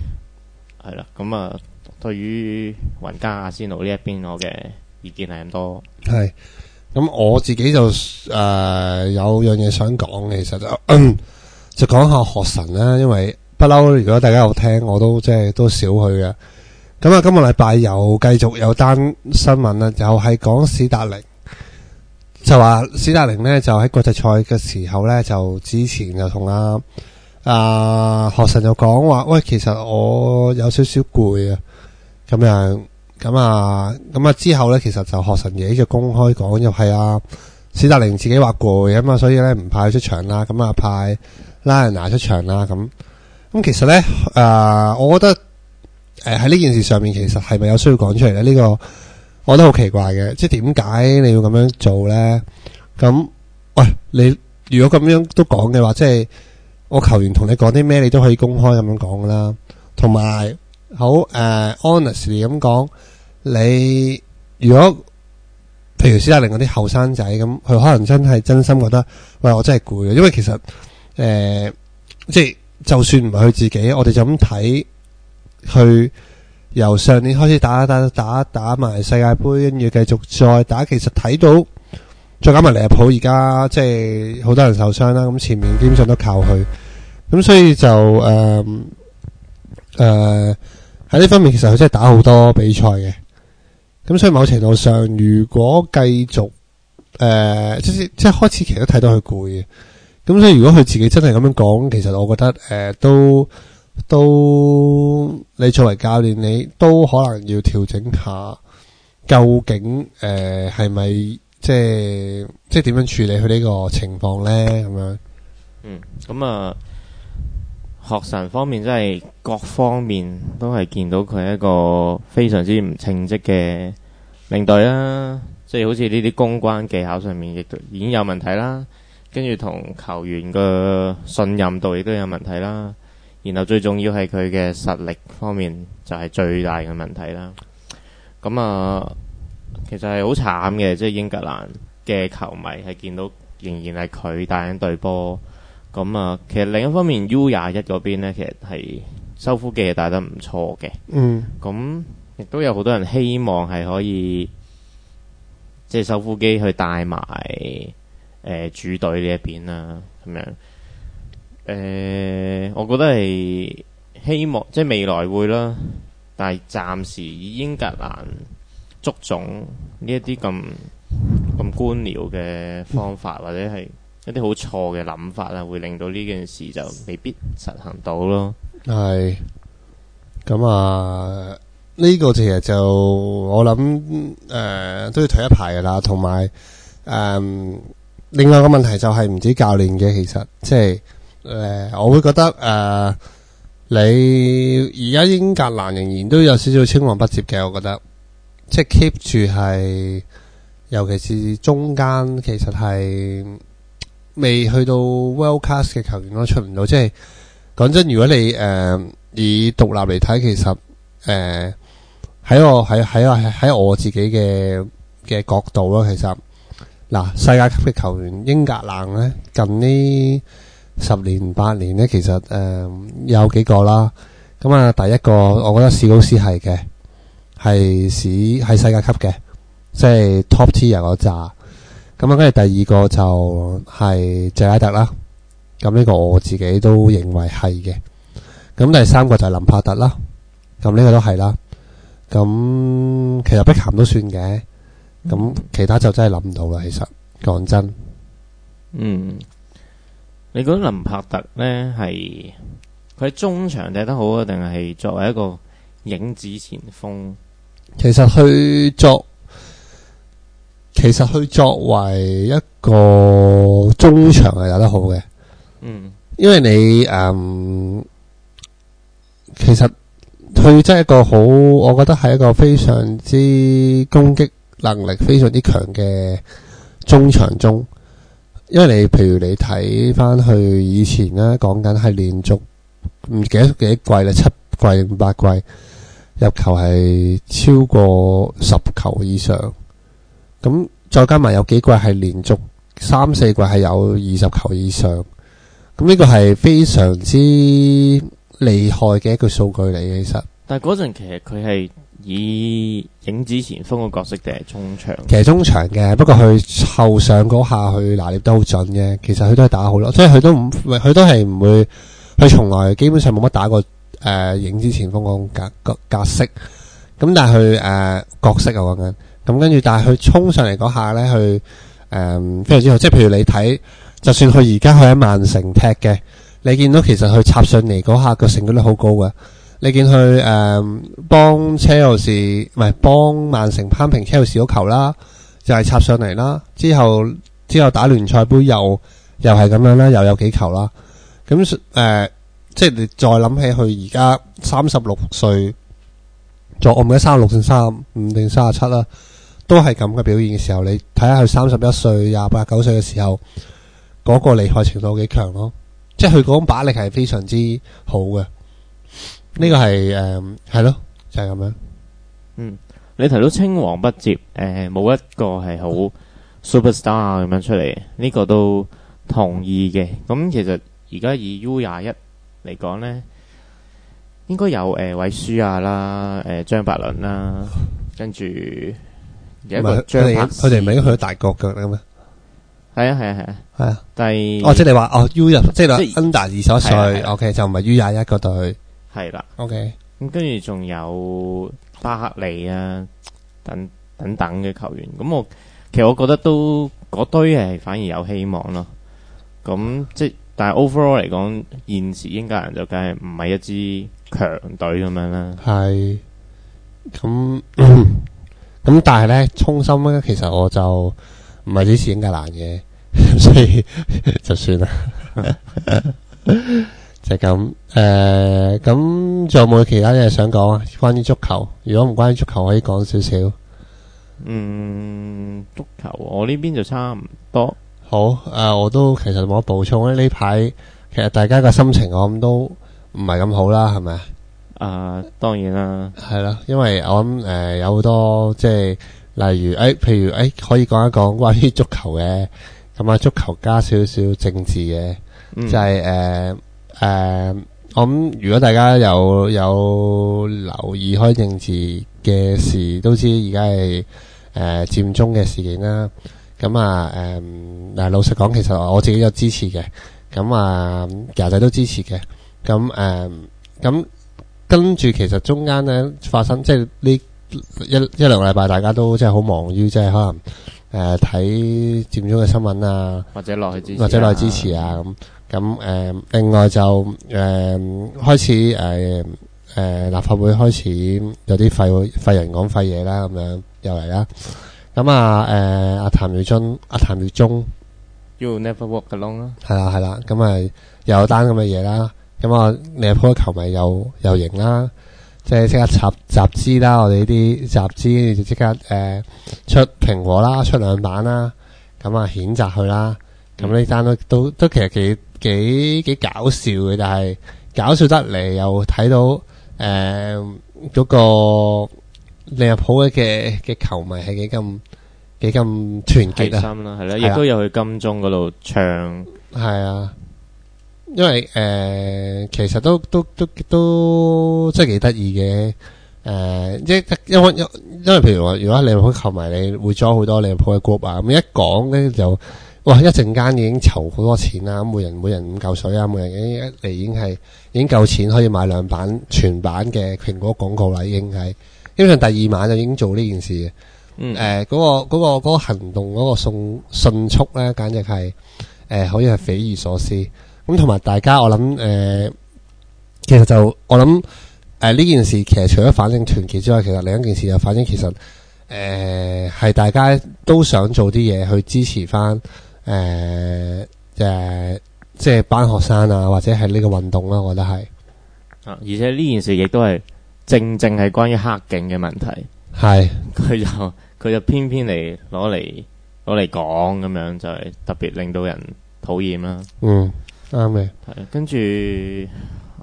係啦，咁啊、嗯，對於雲加阿仙奴呢一邊，我嘅意見係咁多。係，咁我自己就誒、呃、有樣嘢想講，其實、呃、就就講下學神啦，因為不嬲，如果大家有聽，我都即係都少去嘅。咁啊，今個禮拜又繼續有單新聞啦，又係講史達寧，就話史達寧呢，就喺國際賽嘅時候呢，就之前就同阿阿學神就講話，喂，其實我有少少攰啊，咁樣咁啊，咁啊之後呢，其實就學神自己就公開講，又係啊，史達寧自己話攰啊嘛，所以呢，唔派佢出場啦，咁啊派拉蘭拿出場啦，咁咁其實呢，誒、啊，我覺得。誒，喺呢件事上面，其實係咪有需要講出嚟呢？呢、這個我覺得好奇怪嘅，即係點解你要咁樣做呢？咁喂，你如果咁樣都講嘅話，即、就、係、是、我球員同你講啲咩，你都可以公開咁樣講㗎啦。同埋好誒、uh,，honestly 咁講，你如果譬如斯嘉玲嗰啲後生仔咁，佢可能真係真心覺得，喂，我真係攰，因為其實誒，即、呃、係、就是、就算唔係佢自己，我哋就咁睇。去由上年開始打打打打埋世界杯，跟住繼續再打。其實睇到再加埋利物浦，而家即係好多人受傷啦。咁前面基本上都靠佢，咁所以就誒誒喺呢方面，其實佢真係打好多比賽嘅。咁所以某程度上，如果繼續誒、呃、即係即係開始，其實都睇到佢攰嘅。咁所以如果佢自己真係咁樣講，其實我覺得誒、呃、都。都你作為教練，你都可能要調整下，究竟誒係咪即係即係點樣處理佢呢個情況呢？咁樣，嗯，咁、嗯、啊、呃、學神方面真係各方面都係見到佢係一個非常之唔稱職嘅領隊啦，即係好似呢啲公關技巧上面亦都已經有問題啦，跟住同球員嘅信任度亦都有問題啦。然後最重要係佢嘅實力方面就係最大嘅問題啦。咁啊，其實係好慘嘅，即係英格蘭嘅球迷係見到仍然係佢帶緊隊波。咁啊，其實另一方面 U 廿一嗰邊咧，其實係修夫基係帶得唔錯嘅。嗯。咁亦都有好多人希望係可以即係修夫基去帶埋誒主隊呢一邊啦，咁樣。誒、呃，我覺得係希望即係未來會啦，但係暫時以英格蘭足總呢一啲咁咁官僚嘅方法，或者係一啲好錯嘅諗法啦，會令到呢件事就未必實行到咯。係咁啊，呢、這個其實就我諗誒、呃、都要睇一排噶啦。同埋誒，另外個問題就係唔止教練嘅，其實即係。誒、呃，我會覺得誒、呃，你而家英格蘭仍然都有少少青黃不接嘅。我覺得即係 keep 住係，尤其是中間其實係未去到 world class 嘅球員都出唔到。即係講真，如果你誒、呃、以獨立嚟睇，其實誒喺、呃、我喺喺我喺我自己嘅嘅角度咯。其實嗱，世界級嘅球員英格蘭呢，近呢十年八年呢，其實誒、呃、有幾個啦。咁、嗯、啊，第一個我覺得史高斯係嘅，係史，係世界級嘅，即係 Top Tier 嗰扎。咁、嗯、啊，跟住第二個就係謝拉特啦。咁、嗯、呢、這個我自己都認為係嘅。咁、嗯、第三個就係林柏特啦。咁、嗯、呢、這個都係啦。咁、嗯、其實碧咸都算嘅。咁、嗯、其他就真係諗唔到啦。其實講真，嗯。你覺得林柏特呢係佢中場踢得好啊，定係作為一個影子前鋒？其實佢作，其實佢作為一個中場係打得好嘅。嗯，因為你嗯，其實佢真係一個好，我覺得係一個非常之攻擊能力非常之強嘅中場中。因為你譬如你睇翻去以前啦，講緊係連續唔記得幾季啦，七季、八季入球係超過十球以上，咁再加埋有幾季係連續三四季係有二十球以上，咁呢個係非常之厲害嘅一個數據嚟。其實但係嗰陣其實佢係。以影子前鋒嘅角色定係中場？其實中場嘅，不過佢後上嗰下佢拿捏得好準嘅。其實佢都係打好多，即係佢都唔佢都係唔會，佢從來基本上冇乜打過誒、呃、影子前鋒嗰種格格格式。咁但係佢誒角色啊講緊，咁跟住但係佢衝上嚟嗰下呢，佢誒、呃、非常之好。即係譬如你睇，就算佢而家佢喺曼城踢嘅，你見到其實佢插上嚟嗰下個成功率好高嘅。你見佢誒幫車路士唔係幫曼城攀平車路士嗰球啦，就係、是、插上嚟啦。之後之後打聯賽杯又又係咁樣啦，又有幾球啦。咁誒、呃，即係你再諗起佢而家三十六歲，仲按緊三十六定三五定三十七啦，都係咁嘅表現嘅時候。你睇下佢三十一歲、廿八九歲嘅時候，嗰、那個厲害程度幾強咯。即係佢嗰種把力係非常之好嘅。呢個係誒，係咯，就係、是、咁樣。嗯，你提到青黃不接，誒、呃，冇一個係好 super star 咁樣出嚟，呢、這個都同意嘅。咁其實而家以 U 廿一嚟講咧，應該有誒、呃、韋舒亞啦，誒張伯倫啦，跟住而家佢哋咪係應該去咗大國腳啦咩？係啊，係、呃、啊，係啊，係啊。transcript pus, 第哦，即係你話哦、oh,，U 入即係 under 二十一歲，OK 就唔係 U 廿一個隊。係啦，OK、嗯。咁跟住仲有巴克利啊，等等等嘅球員。咁、嗯、我其實我覺得都嗰堆係反而有希望咯。咁、嗯、即係但係 overall 嚟講，現時英格蘭就梗係唔係一支強隊咁樣啦。係，咁、嗯、咁、嗯嗯嗯嗯嗯、但係呢，衷心呢，其實我就唔係支持英格蘭嘅， 所以就算啦。 就咁誒，咁、呃、仲有冇其他嘢想講啊？關於足球，如果唔關於足球，可以講少少。嗯，足球我呢邊就差唔多。好誒、呃，我都其實冇乜補充，呢排其實大家嘅心情我諗都唔係咁好啦，係咪啊？啊，當然啦。係啦，因為我諗誒、呃、有好多即係，例如誒、呃，譬如誒、呃，可以講一講關於足球嘅，咁啊足球加少少政治嘅，嗯、就係、是、誒。呃誒，咁、uh, 如果大家有有留意開政治嘅事，都知而家係誒佔中嘅事件啦。咁啊，誒嗱，老實講，其實我自己有支持嘅。咁啊，uh, 其實仔仔都支持嘅。咁誒，咁、uh, 跟住其實中間咧發生，即係呢一一兩個禮拜，大家都真即係好忙於即係可能誒睇佔中嘅新聞啊，或者落去支持，或者落去支持啊咁。咁誒，另外就誒開始誒誒立法會開始有啲廢廢人講廢嘢啦，咁樣又嚟啦。咁啊誒阿譚耀宗阿譚耀宗，You never walk alone 啊，係啦，係啦。咁啊又有單咁嘅嘢啦。咁啊利物浦球迷又又贏啦，即係即刻集集資啦。我哋呢啲集資就即刻誒出蘋果啦，出兩版啦。咁啊譴責佢啦。咁呢單都都都其實幾。幾幾搞笑嘅，但係搞笑得嚟又睇到誒嗰、呃那個利物浦嘅嘅球迷係幾咁幾咁團結啊！係啦，亦都有去金鐘嗰度唱，係啊，因為誒、呃、其實都都都都，都真係幾得意嘅誒，一、呃、因為，因為,因，為因為譬如話，如果利物浦球迷你會 join 好多利物浦嘅 group 啊，咁一講咧就。哇！一陣間已經籌好多錢啦，每人每人五嚿水啊，每人一嚟已經係已經夠錢可以買兩版全版嘅蘋果廣告啦，已經係基本上第二晚就已經做呢件事嘅、呃。嗯，誒嗰個嗰個嗰個行動嗰個送迅速咧，簡直係誒可以係匪夷所思。咁同埋大家我，我諗誒其實就我諗誒呢件事其實除咗反映團結之外，其實另一件事就，反映其實誒係、呃、大家都想做啲嘢去支持翻。誒誒，即係、呃就是就是、班學生啊，或者係呢個運動啦、啊，我覺得係。啊，而且呢件事亦都係正正係關於黑警嘅問題。係是。佢 就佢就偏偏嚟攞嚟攞嚟講咁樣，就係、是、特別令到人討厭啦。嗯，啱嘅。係。跟住，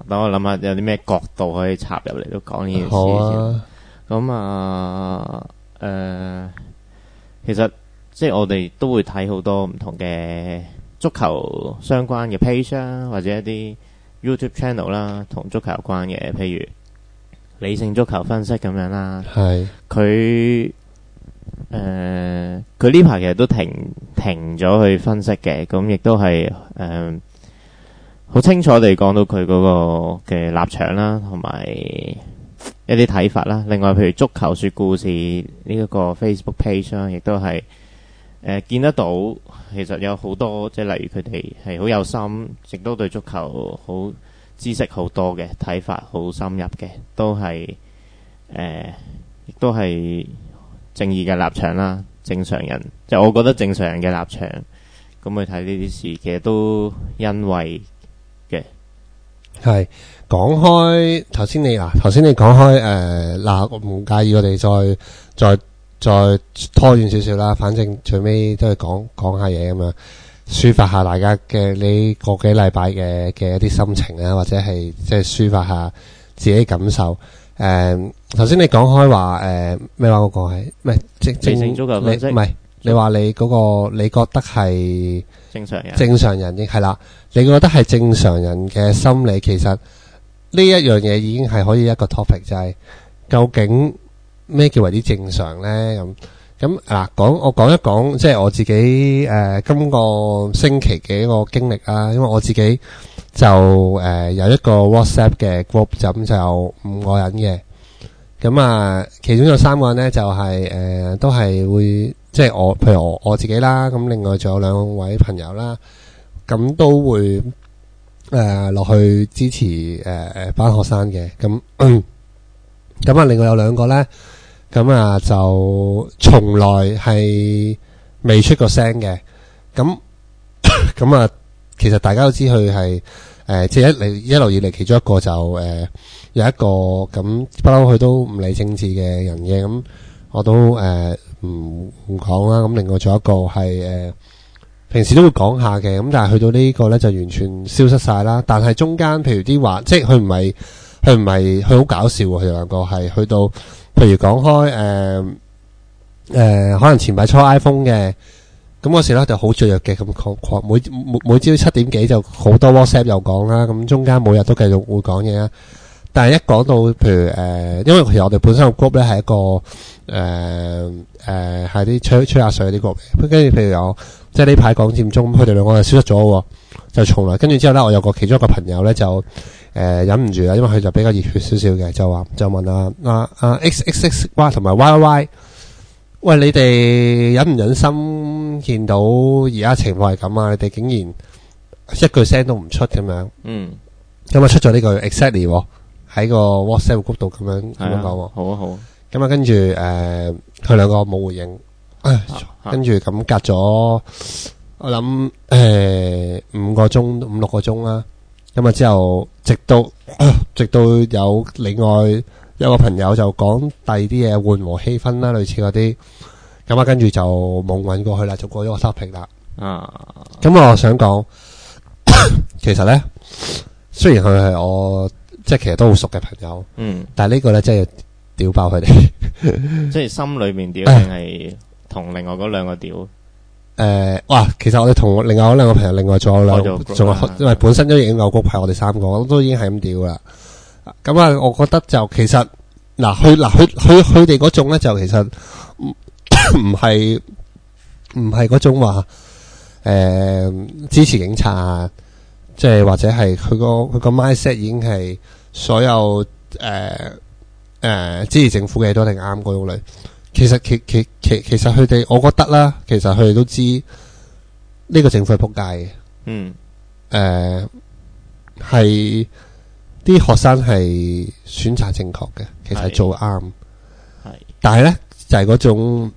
等我諗下有啲咩角度可以插入嚟都講呢件事先。好啊。咁啊，誒、嗯呃呃，其實。即係我哋都會睇好多唔同嘅足球相關嘅 page 啊，或者一啲 YouTube channel 啦、啊，同足球有關嘅，譬如理性足球分析咁樣啦、啊。係佢誒，佢呢排其實都停停咗去分析嘅，咁亦都係誒好清楚地講到佢嗰個嘅立場啦、啊，同埋一啲睇法啦、啊。另外，譬如足球說故事呢一個 Facebook page 啊，亦都係。誒、呃、見得到，其實有好多即係例如佢哋係好有心，亦都對足球好知識好多嘅睇法，好深入嘅，都係誒、呃，亦都係正義嘅立場啦。正常人，即係我覺得正常人嘅立場，咁去睇呢啲事，其實都欣慰嘅。係講開頭先，你嗱頭先你講開誒嗱，我唔、呃、介意我哋再再。再再拖遠少少啦，反正最尾都係講講下嘢，咁樣，抒發下大家嘅你個幾禮拜嘅嘅一啲心情啊，或者係即係抒發下自己感受。誒、嗯，頭先你講開話誒咩話我講係咩？正正唔係你話你嗰、嗰個你覺得係正常人，正常人嘅係啦，你覺得係正常人嘅心理，其實呢一樣嘢已經係可以一個 topic 就係、係、究竟。咩叫為之正常呢？咁咁，嗱，講我講一講，即係我自己誒，今個星期嘅一個經歷啊。因為我自己就誒有一個 WhatsApp 嘅 group，就咁就有五個人嘅。咁啊，其中有三個人呢就係誒，都係會即係我，譬如我我自己啦。咁另外仲有兩位朋友啦，咁都會誒落去支持誒班學生嘅。咁咁啊，另外有兩個呢，咁啊就從來係未出過聲嘅。咁咁 啊，其實大家都知佢係誒，即、呃、係一嚟一路以嚟，其中一個就誒、呃、有一個咁、嗯、不嬲，佢都唔理政治嘅人嘅。咁我都誒唔唔講啦。咁、呃、另外仲有一個係誒、呃，平時都會講下嘅。咁但係去到呢個呢，就完全消失晒啦。但係中間譬如啲話，即係佢唔係。佢唔係佢好搞笑喎，佢哋兩個係去到，譬如講開誒誒、呃呃，可能前排出 iPhone 嘅咁嗰時咧就好雀躍嘅咁講，每每，每朝七點幾就好多 WhatsApp 又講啦，咁中間每日都繼續會講嘢啦。但係一講到譬如誒、呃，因為其實我哋本身個 group 咧係一個誒誒係啲吹吹下水啲 group，跟住譬如我，即係呢排講佔中，佢哋兩個就消失咗喎，就從來跟住之後咧，我有個其中一個朋友咧就。誒，忍唔住啦，因為佢就比較熱血少少嘅，就話就問啊啊啊 X X X Y 同埋 Y Y Y，喂，你哋忍唔忍心見到而家情況係咁啊？你哋竟然一句聲都唔出咁樣，嗯，咁啊出咗呢句 exactly 喺個 WhatsApp group 度咁樣咁樣講，好啊好啊。咁啊跟住誒，佢兩個冇回應，跟住咁隔咗，我諗誒五個鐘五六個鐘啦。咁啊，之後直到、啊、直到有另外一個朋友就講第二啲嘢緩和氣氛啦，類似嗰啲，咁、嗯嗯嗯、啊，跟住就冇揾過去啦，就過咗個 topic 啦。啊，咁我想講，其實呢，雖然佢係我即係其實都好熟嘅朋友，嗯，但係呢個呢，真係屌爆佢哋，嗯、 即係心裏面屌定係同另外嗰兩個屌？誒、呃，哇！其實我哋同另外兩個朋友，另外仲有兩，仲係因為本身已有、啊、個都已經牛股排，我哋三個，我都已經係咁屌啦。咁啊，我覺得就其實嗱，佢嗱佢佢佢哋嗰種咧，就其實唔唔係唔係嗰種話，誒、呃、支持警察、啊，即、就、係、是、或者係佢個佢個 mindset 已經係所有誒誒、呃呃、支持政府嘅都一定啱嗰種類。其實其其其其實佢哋，我覺得啦，其實佢哋都知呢、這個政府係仆街嘅。嗯，誒、呃，係啲學生係選擇正確嘅，其實係做啱。但係呢，就係、是、嗰種誒、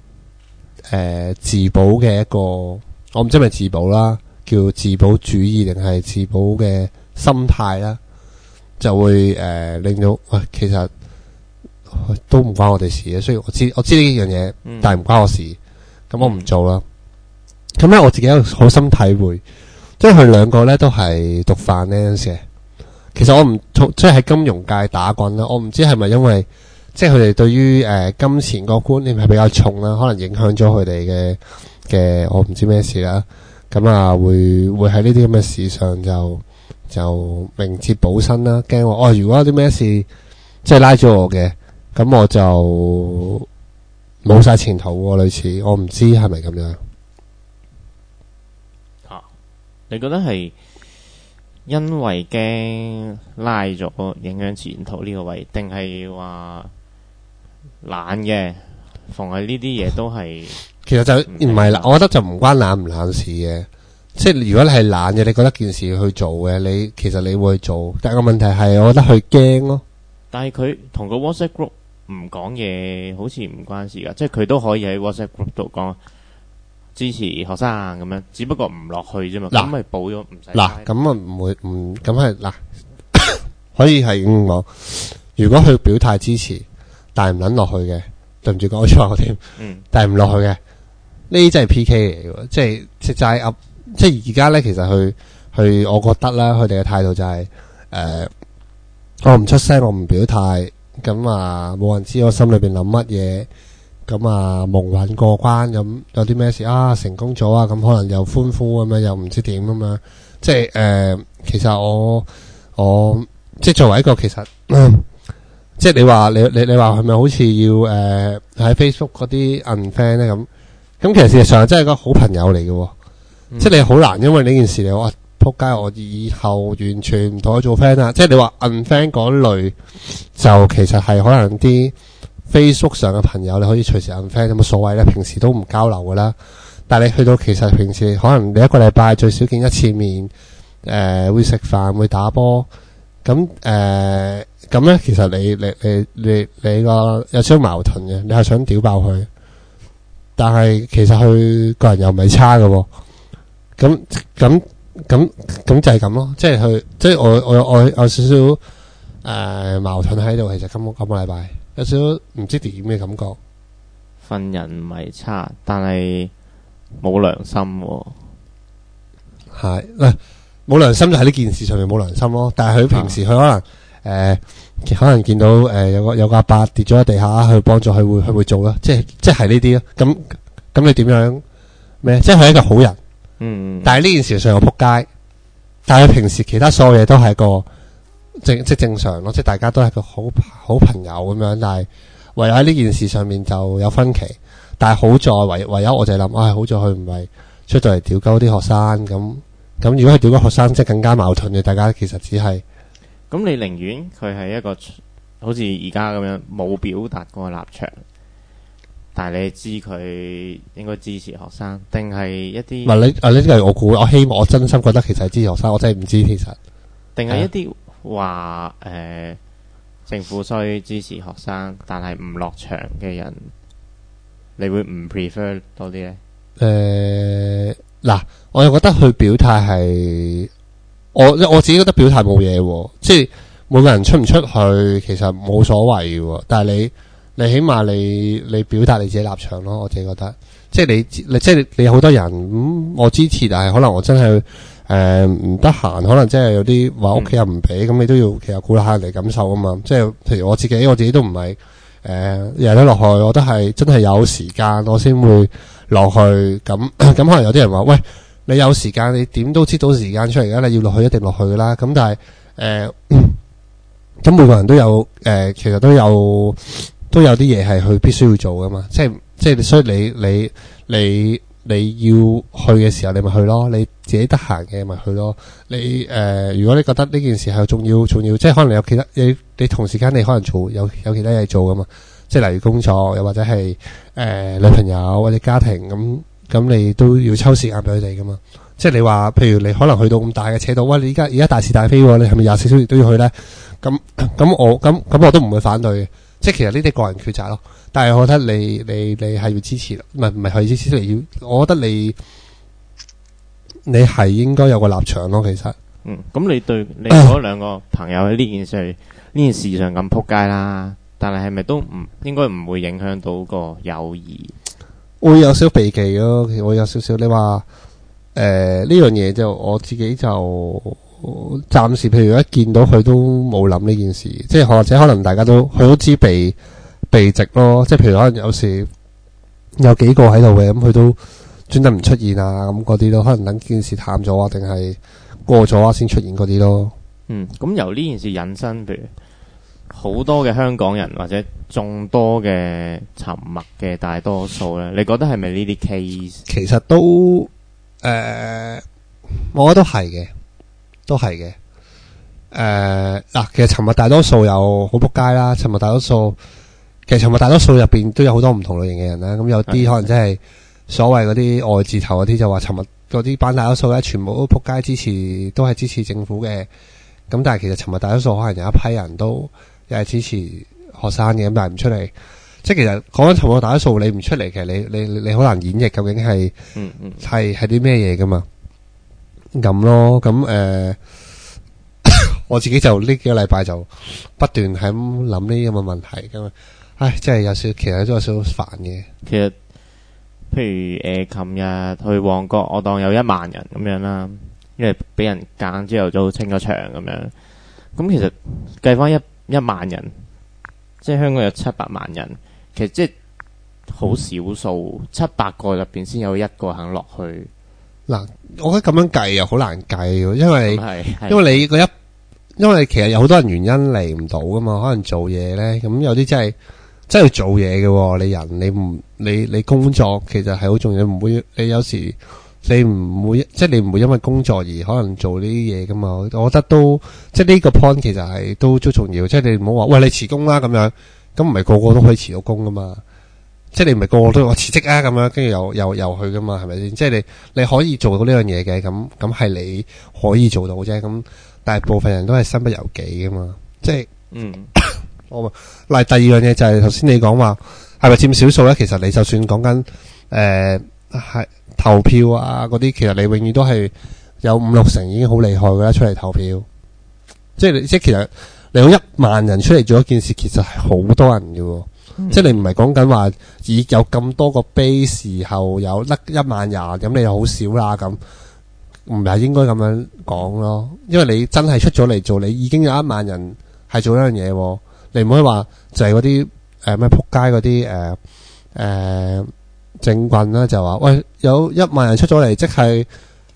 呃、自保嘅一個，我唔知係咪自保啦，叫自保主義定係自保嘅心態啦，就會誒、呃、令到喂、呃，其實。都唔關我哋事嘅，所以我知我知呢樣嘢，嗯、但係唔關我事，咁我唔做啦。咁咧、嗯、我自己好深體會，即係佢兩個咧都係讀 finance 呢。嗰陣其實我唔即係喺金融界打滾啦，我唔知係咪因為即係佢哋對於誒、呃、金錢個觀念係比較重啦，可能影響咗佢哋嘅嘅我唔知咩事啦。咁啊，會會喺呢啲咁嘅事上就就明哲保身啦，驚我哦。如果有啲咩事，即係拉咗我嘅。咁我就冇晒前途喎，啊，類似我唔知係咪咁樣。吓，啊，你覺得係因為驚拉咗影響前途呢個位，定係話懶嘅？逢係呢啲嘢都係。其實就唔係啦，我覺得就唔關懶唔懶事嘅。即係如果你係懶嘅，你覺得件事要去做嘅，你其實你會去做，但係個問題係，我覺得佢驚咯。但係佢同個 WhatsApp group。唔講嘢，好似唔關事噶，即係佢都可以喺 WhatsApp group 度講支持學生咁樣，只不過唔落去啫嘛。咁咪補咗唔使。嗱咁啊，唔會唔咁係嗱，嗯、 可以係咁講。如果佢表態支持，但係唔撚落去嘅，對唔住講錯添。但係唔落去嘅呢啲真係 P K 嚟嘅，即係即係即係而家咧，其實佢佢，去我覺得啦，佢哋嘅態度就係、是、誒、呃，我唔出聲，我唔表態。咁啊，冇人知我心裏邊諗乜嘢，咁啊，蒙混過關，咁有啲咩事啊？成功咗啊！咁可能又歡呼咁樣，又唔知點咁樣，即係誒、呃，其實我我即係作為一個其實，即係你話你你你話係咪好似要誒喺 Facebook 嗰啲 unfriend 咧咁？咁、呃、其實事實上真係個好朋友嚟嘅，嗯、即係你好難，因為呢件事你話。仆街，我以後完全唔同佢做、啊就是、friend 啦。即係你話 unfriend 嗰類，就其實係可能啲 Facebook 上嘅朋友，你可以隨時 unfriend，有冇所謂咧？平時都唔交流噶啦。但係你去到其實平時可能你一個禮拜最少見一次面，誒、呃、會食飯會打波咁誒咁咧。其實你你你你你個有少少矛盾嘅，你係想屌爆佢，但係其實佢個人又唔係差嘅喎、啊，咁咁。咁咁就係咁咯，即係佢，即係我我我，我有少少誒、呃、矛盾喺度，其實今個今個禮拜有少少唔知點嘅感覺，份人唔係差，但係冇良心喎、哦。係，嗱冇良心就喺呢件事上面冇良心咯。但係佢平時佢可能誒、啊呃，可能見到誒、呃、有個有個阿伯跌咗喺地下，去幫助佢會佢會做啦，即係即係呢啲啊，咁咁你點樣咩？即係佢係一個好人。嗯，但係呢件事上我撲街，但係平時其他所有嘢都係個正即正常咯，即係大家都係個好好朋友咁樣，但係唯有喺呢件事上面就有分歧，但係好在唯唯有我就係諗，唉、哎，好在佢唔係出到嚟屌鳩啲學生咁，咁如果係屌鳩學生，即係更加矛盾嘅，大家其實只係咁，你寧願佢係一個好似而家咁樣冇表達過立場。但係你知佢應該支持學生，定係一啲？唔係你啊！呢啲係我估，我希望我真心覺得其實係支持學生，我真係唔知其實。定係一啲話誒，政府需支持學生，但係唔落場嘅人，你會唔 prefer 多啲呢？誒，嗱，我又覺得佢表態係我我自己覺得表態冇嘢，即係每個人出唔出去其實冇所謂嘅，但係你。你起碼你你表達你自己立場咯。我自己覺得，即係你你即係你好多人咁、嗯，我支持，但係可能我真係誒唔得閒，可能真係有啲話屋企人唔俾咁，你都要其實顧下人哋感受啊嘛。即係譬如我自己，我自己都唔係日日都落去，我都係真係有時間，我先會落去。咁咁可能有啲人話：喂，你有時間，你點都知道時間出嚟？而家你要落去一定落去啦。咁但係誒，咁、呃、每個人都有誒、呃，其實都有。都有啲嘢係佢必須要做噶嘛，即係即係，所以你你你你要去嘅時候，你咪去咯。你自己得閒嘅咪去咯。你誒、呃，如果你覺得呢件事係重要重要，即係可能你有其他你你同時間你可能做有有其他嘢做噶嘛，即係例如工作又或者係誒、呃、女朋友或者家庭咁咁、嗯嗯嗯，你都要抽時間俾佢哋噶嘛。即係你話，譬如你可能去到咁大嘅車度，喂，你而家而家大是大非、啊，你係咪廿四小時都要去呢？咁咁我咁咁我都唔會反對。即係其實呢啲個人抉擇咯，但係我覺得你你你係要支持，唔係唔係去支持你要，我覺得你你係應該有個立場咯，其實。嗯，咁你對你嗰兩個朋友喺呢件事呢 件事上咁撲街啦，但係係咪都唔應該唔會影響到個友誼？會有少少避忌咯，其實會有少少。你話誒，呢樣嘢就我自己就。暫時，譬如，一見到佢都冇諗呢件事，即係或者可能大家都佢都知被避席咯。即係譬如可能有時有幾個喺度嘅，咁佢都專登唔出現啊，咁嗰啲咯，可能等件事淡咗啊，定係過咗啊，先出現嗰啲咯。嗯，咁由呢件事引申，譬如好多嘅香港人或者眾多嘅沉默嘅大多數咧，你覺得係咪呢啲 case？其實都誒、呃，我都係嘅。都係嘅，誒、呃、嗱、啊，其實沉默大多數有好仆街啦。沉默大多數，其實沉默大多數入邊都有好多唔同類型嘅人啦。咁、嗯、有啲可能真係所謂嗰啲外字頭嗰啲，就話沉默嗰啲班大多數咧，全部都仆街支持，都係支持政府嘅。咁、嗯、但係其實沉默大多數可能有一批人都又係支持學生嘅，咁但係唔出嚟。即係其實講緊沉默大多數，你唔出嚟，其實你你你好難演繹究竟係系係啲咩嘢㗎嘛？咁咯，咁、嗯、誒，我自己就呢幾個禮拜就不斷喺諗呢啲咁嘅問題噶嘛，唉、哎，真係有少少，其實都有少少煩嘅。其實，譬如誒，琴、呃、日去旺角，我當有一萬人咁樣啦，因為俾人揀之後都清咗場咁樣。咁、嗯、其實計翻，一一萬人，即係香港有七百萬人，其實即係好少數，七百個入邊先有一個肯落去。嗱，我覺得咁樣計又好難計，因為、嗯、因為你嗰一，因為其實有好多人原因嚟唔到噶嘛，可能做嘢呢，咁有啲真係真係要做嘢嘅喎，你人你唔你你，你工作其實係好重要，唔會你有時你唔會即係、就是、你唔會因為工作而可能做呢啲嘢噶嘛，我覺得都即係呢個 point 其實係都足重要，即、就、係、是、你唔好話喂，你辭工啦咁樣，咁唔係個個都可以辭咗工噶嘛。即係你唔係個個都話辭職啊咁樣，跟住又又又去噶嘛，係咪先？即係你你可以做到呢樣嘢嘅，咁咁係你可以做到啫。咁大部分人都係身不由己噶嘛。即係，嗯， 我嗱第二樣嘢就係頭先你講話係咪佔少數咧？其實你就算講緊誒係投票啊嗰啲，其實你永遠都係有五六成已經好厲害噶啦，出嚟投票。即係即係，其實你用一萬人出嚟做一件事，其實係好多人噶。嗯、即係你唔係講緊話，已有咁多個 base 時候有甩一萬人，咁你又好少啦咁，唔係應該咁樣講咯。因為你真係出咗嚟做，你已經有一萬人係做一樣嘢，你唔可以話就係嗰啲誒咩扑街嗰啲誒誒政棍啦、啊，就話喂有一萬人出咗嚟，即係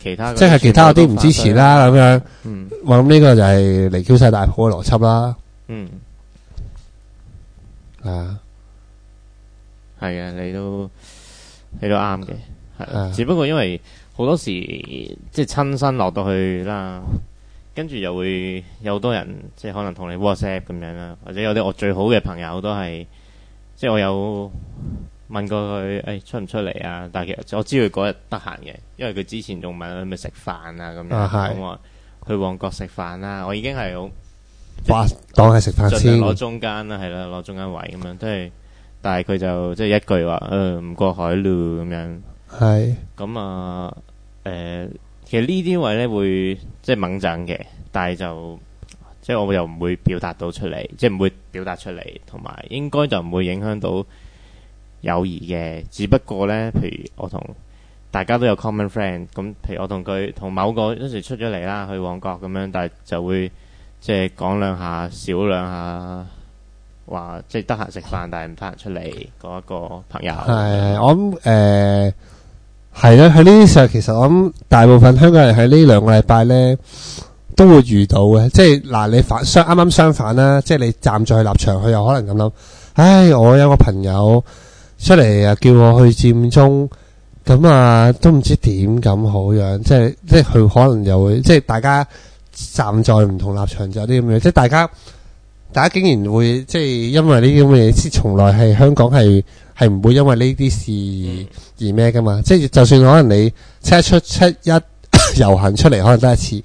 其他，即係其他啲唔部支持啦咁、嗯、樣。嗯、我諗呢個就係離晒大譜嘅邏輯啦。嗯。係啊，係啊 Yeah.，你都你都啱嘅，係。Yeah. 只不過因為好多時即係親身落到去啦，跟住又會有好多人，即係可能同你 WhatsApp 咁樣啦，或者有啲我最好嘅朋友都係，即係我有問過佢誒、哎、出唔出嚟啊？但係其實我知佢嗰日得閒嘅，因為佢之前仲問我咪食飯啊咁樣，咁話、uh, 去旺角食飯啦。我已經係好。即哇當係食飯先，攞中間啦，係啦，攞中間位咁樣，即係，但係佢就即係、就是、一句話，誒、呃，唔過海路咁樣，係是，咁啊，誒、呃，其實呢啲位咧會即係猛爭嘅，但係就即係我又唔會表達到出嚟，即係唔會表達出嚟，同埋應該就唔會影響到友誼嘅，只不過咧，譬如我同大家都有 common friend，咁、嗯、譬如我同佢同某個一時出咗嚟啦，去旺角咁樣，但係就會。即係講兩下，少兩下，話即係得閒食飯， 但係唔得閒出嚟嗰一個朋友。係我誒，係、呃、啦，喺呢啲時候，其實我諗大部分香港人喺呢兩個禮拜呢都會遇到嘅。即係嗱，你反相啱啱相反啦，即係你站在立場，佢又可能咁諗，唉，我有個朋友出嚟啊，叫我去佔中，咁啊，都唔知點咁好樣。即係即係佢可能又會，即係大家。站在唔同立場就有啲咁嘅，即係大家，大家竟然會即係因為呢啲咁嘅嘢，先從來係香港係係唔會因為呢啲事而咩噶嘛。即係就算可能你七一出七一遊 行出嚟，可能得一次，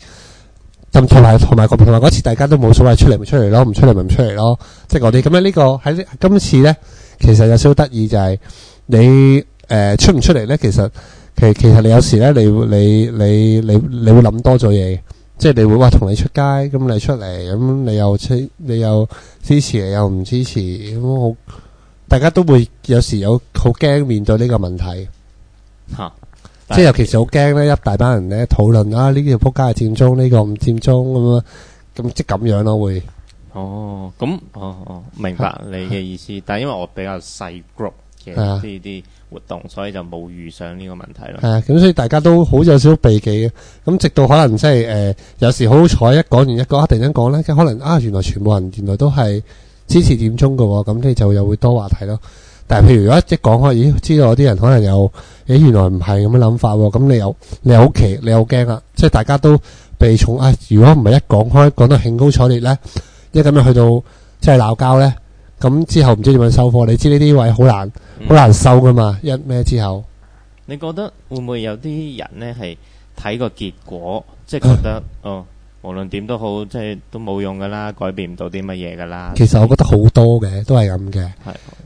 甚至係同埋同埋嗰次，大家都冇所謂出嚟咪出嚟咯，唔出嚟咪唔出嚟咯。即係我哋咁樣呢，這個喺今次呢，其實有少少得意就係，是，你誒，呃、出唔出嚟呢？其實其其實你有時呢，你你你你你，你，你，你會諗多咗嘢。即係你會話同你出街，咁你出嚟，咁你又支，你又支持，你又唔支持，咁好，大家都會有時有好驚面對呢個問題。吓，即係尤其是好驚咧，一大班人咧討論啊，呢條撲街係佔中，呢個唔佔中咁樣，咁即係咁樣咯會。哦，咁，哦哦，明白你嘅意思，但係因為我比較細 group 嘅呢啲活動，所以就冇遇上呢個問題咯。係啊，咁所以大家都好有少少避忌嘅。咁直到可能即係誒，有時好彩，一講完一個、啊，突然間講呢，即可能啊，原來全部人原來都係支持點鐘嘅，咁你就又會多話題咯。但係譬如如果一講開，咦，知道有啲人可能又，誒，原來唔係咁嘅諗法，咁你又你又好奇，你又驚啦，即係大家都被重啊。如果唔係一講開講到興高采烈呢，一係咁樣去到即係鬧交呢。咁之後唔知點樣收貨，你知呢啲位好難好、嗯、難收噶嘛？一咩之後你覺得會唔會有啲人呢係睇個結果，即係覺得唉哦，無論點都好，即係都冇用噶啦，改變唔到啲乜嘢噶啦。其實我覺得好多嘅都係咁嘅。誒的、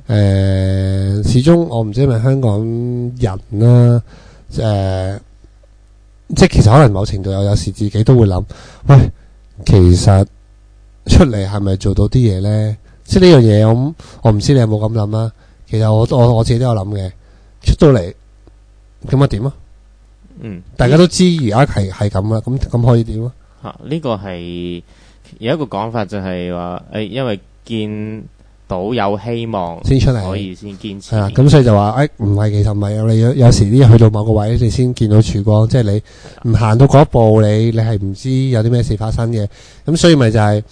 呃，始終我唔知係咪香港人啦、啊，誒、呃，即係其實可能某程度又有，有時自己都會諗，喂，其實出嚟係咪做到啲嘢呢？」即呢樣嘢，我我唔知你有冇咁諗啦。其實我我我自己都有諗嘅，出到嚟咁啊點啊？嗯，大家都知而家係係咁啊，咁咁可以點啊？啊、這個，呢個係有一個講法就係話誒，因為見到有希望先出嚟，可以先堅持。係啊、嗯，咁所以就話誒，唔、哎、係其實唔係，我哋有有時啲嘢去到某個位，你先見到曙光。即係你唔行到嗰一步，你你係唔知有啲咩事發生嘅。咁所以咪就係、是、誒。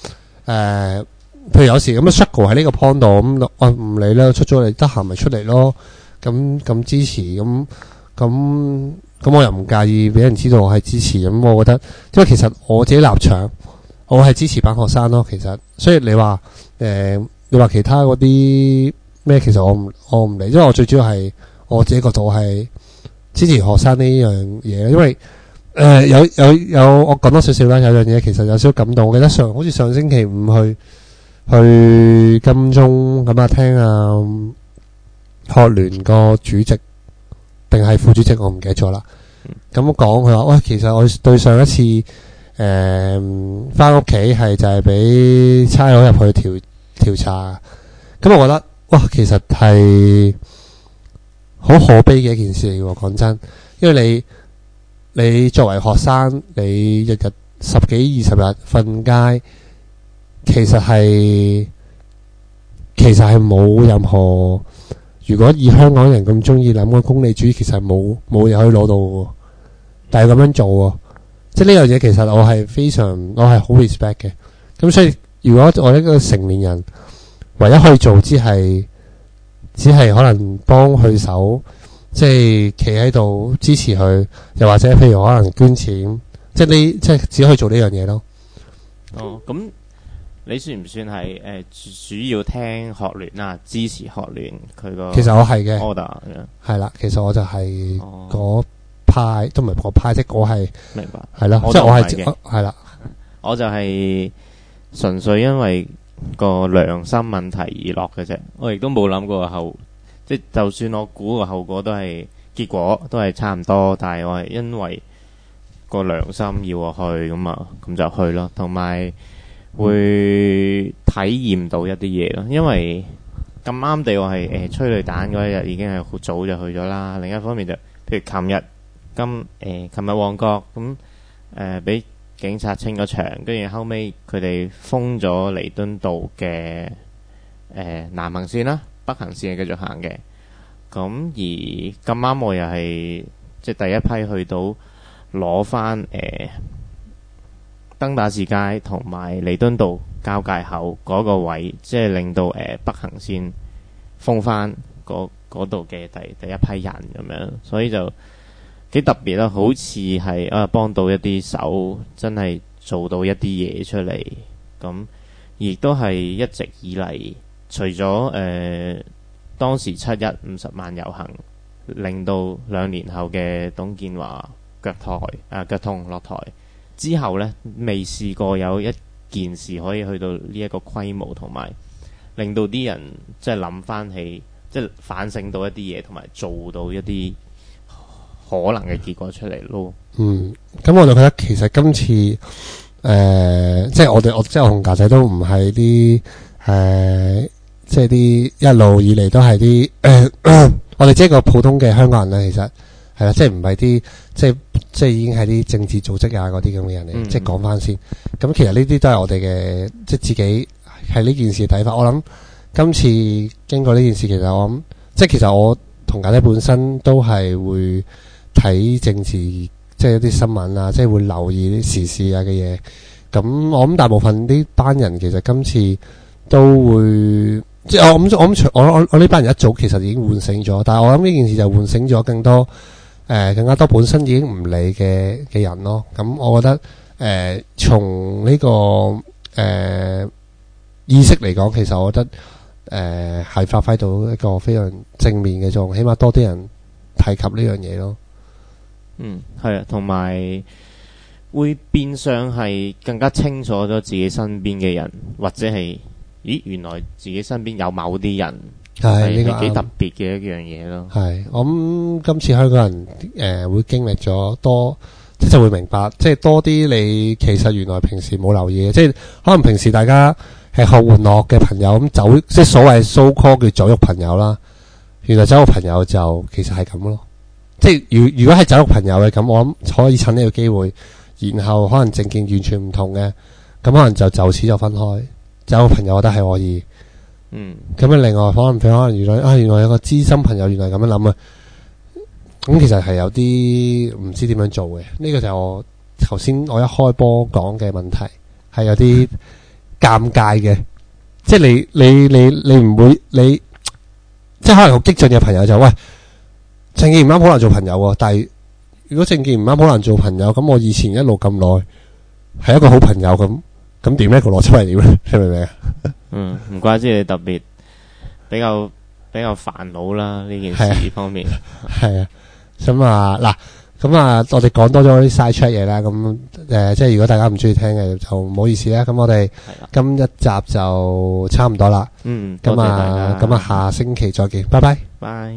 呃譬如有時咁啊 schedule 喺呢個 point 度咁，我唔理啦，出咗嚟得閒咪出嚟咯。咁咁支持咁咁咁，我又唔介意俾人知道我係支持咁、嗯。我覺得，因為其實我自己立場，我係支持班學生咯。其實，所以你話誒、呃，你話其他嗰啲咩，其實我唔我唔理，因為我最主要係我自己覺得我係支持學生呢樣嘢。因為誒、呃、有有有，我講多少少啦。有樣嘢其實有少少感動，我記得上好似上星期五去。去金鐘咁啊，聽啊、嗯、學聯個主席定係副主席，我唔記得咗啦。咁講佢話，喂，其實我對上一次誒翻屋企係就係俾差佬入去調調查，咁我覺得，哇，其實係好可悲嘅一件事嚟嘅。講真，因為你你作為學生，你日日十幾二十日瞓街。其實係其實係冇任何。如果以香港人咁中意諗嘅功利主義，其實冇冇人可以攞到嘅。但係咁樣做，即係呢樣嘢，其實我係非常我係好 respect 嘅。咁所以，如果我一個成年人，唯一可以做只，只係只係可能幫佢手，即係企喺度支持佢，又或者譬如可能捐錢，即係呢即係只可以做呢樣嘢咯。哦，咁。你算唔算係誒、呃、主要聽學聯啊？支持學聯佢個，其實我係嘅 order，係啦。其實我就係個派、哦、都唔係個派，即我係明白係咯，了我也 即係我係。係啦，我，我就係純粹因為個良心問題而落嘅啫。我亦都冇諗過後，即就算我估個後果都係結果都係差唔多，但係我係因為個良心要我去咁啊，咁就去咯。同埋。會體驗到一啲嘢咯，因為咁啱地我係誒催淚彈嗰一日已經係好早就去咗啦。另一方面就，譬如琴日今誒琴日旺角咁誒，俾警察清咗場，跟住後尾佢哋封咗彌敦道嘅誒南行線啦，北行線係繼續行嘅。咁而咁啱我又係即係第一批去到攞翻誒。登打士街同埋彌敦道交界口嗰個位，即係令到誒、呃、北行線封翻嗰嗰度嘅第第一批人咁樣，所以就幾特別啦，好似係啊幫到一啲手，真係做到一啲嘢出嚟，咁亦都係一直以嚟，除咗誒、呃、當時七一五十萬遊行，令到兩年後嘅董建華腳台啊腳痛落台。呃之後呢，未試過有一件事可以去到呢一個規模，同埋令到啲人即係諗翻起，即係反省到一啲嘢，同埋做到一啲可能嘅結果出嚟咯。嗯，咁我就覺得其實今次誒、呃，即係我哋我即係我架仔都唔係啲誒，即係啲一路以嚟都係啲、呃、我哋即係個普通嘅香港人咧，其實。係啦，即係唔係啲即係即係已經係啲政治組織啊嗰啲咁嘅人嚟、嗯，即係講翻先。咁其實呢啲都係我哋嘅，即係自己係呢件事睇法。我諗今次經過呢件事，其實我諗即係其實我同大家本身都係會睇政治，即係一啲新聞啊，即係會留意啲時事啊嘅嘢。咁我諗大部分呢班人其實今次都會即係我諗，我諗我我呢班人一早其實已經喚醒咗，但係我諗呢件事就喚醒咗更多。誒，更加多本身已經唔理嘅嘅人咯。咁我覺得，誒，從呢個誒意識嚟講，其實我覺得，誒，係發揮到一個非常正面嘅作用。起碼多啲人提及呢樣嘢咯。嗯，係啊，同埋會變相係更加清楚咗自己身邊嘅人，或者係，咦，原來自己身邊有某啲人。係呢、這個幾特別嘅一樣嘢咯。係，我諗今次香港人誒、呃、會經歷咗多，即係就會明白，即係多啲你其實原來平時冇留意，嘅，即係可能平時大家吃喝玩樂嘅朋友咁走，即係所謂 so call 叫酒肉朋友啦。原來酒肉朋友就其實係咁咯。即係如如果係酒肉朋友嘅咁，我諗可以趁呢個機會，然後可能政見完全唔同嘅，咁可能就就此就分開。酒肉朋友我覺得係可以。嗯，咁啊，另外可能佢可能原來啊，原來有個知心朋友，原來咁樣諗啊，咁、嗯、其實係有啲唔知點樣做嘅。呢、這個就我頭先我一開波講嘅問題，係有啲尷尬嘅，即係你你你你唔會你，即係可能好激進嘅朋友就喂，政見唔啱好難做朋友喎、啊。但係如果政見唔啱好難做朋友，咁我以前一路咁耐係一個好朋友咁，咁點咧個邏輯係點咧？ 你明唔明啊？ 嗯，唔怪之你特別比較比較煩惱啦呢件事方面，係啊。咁啊嗱，咁啊，我哋講多咗啲晒 check 嘢啦。咁誒，即係如果大家唔中意聽嘅，就唔好意思啦。咁我哋今一集就差唔多啦。嗯，咁、嗯、啊，咁、嗯、啊、嗯嗯嗯，下星期再見，拜拜，拜。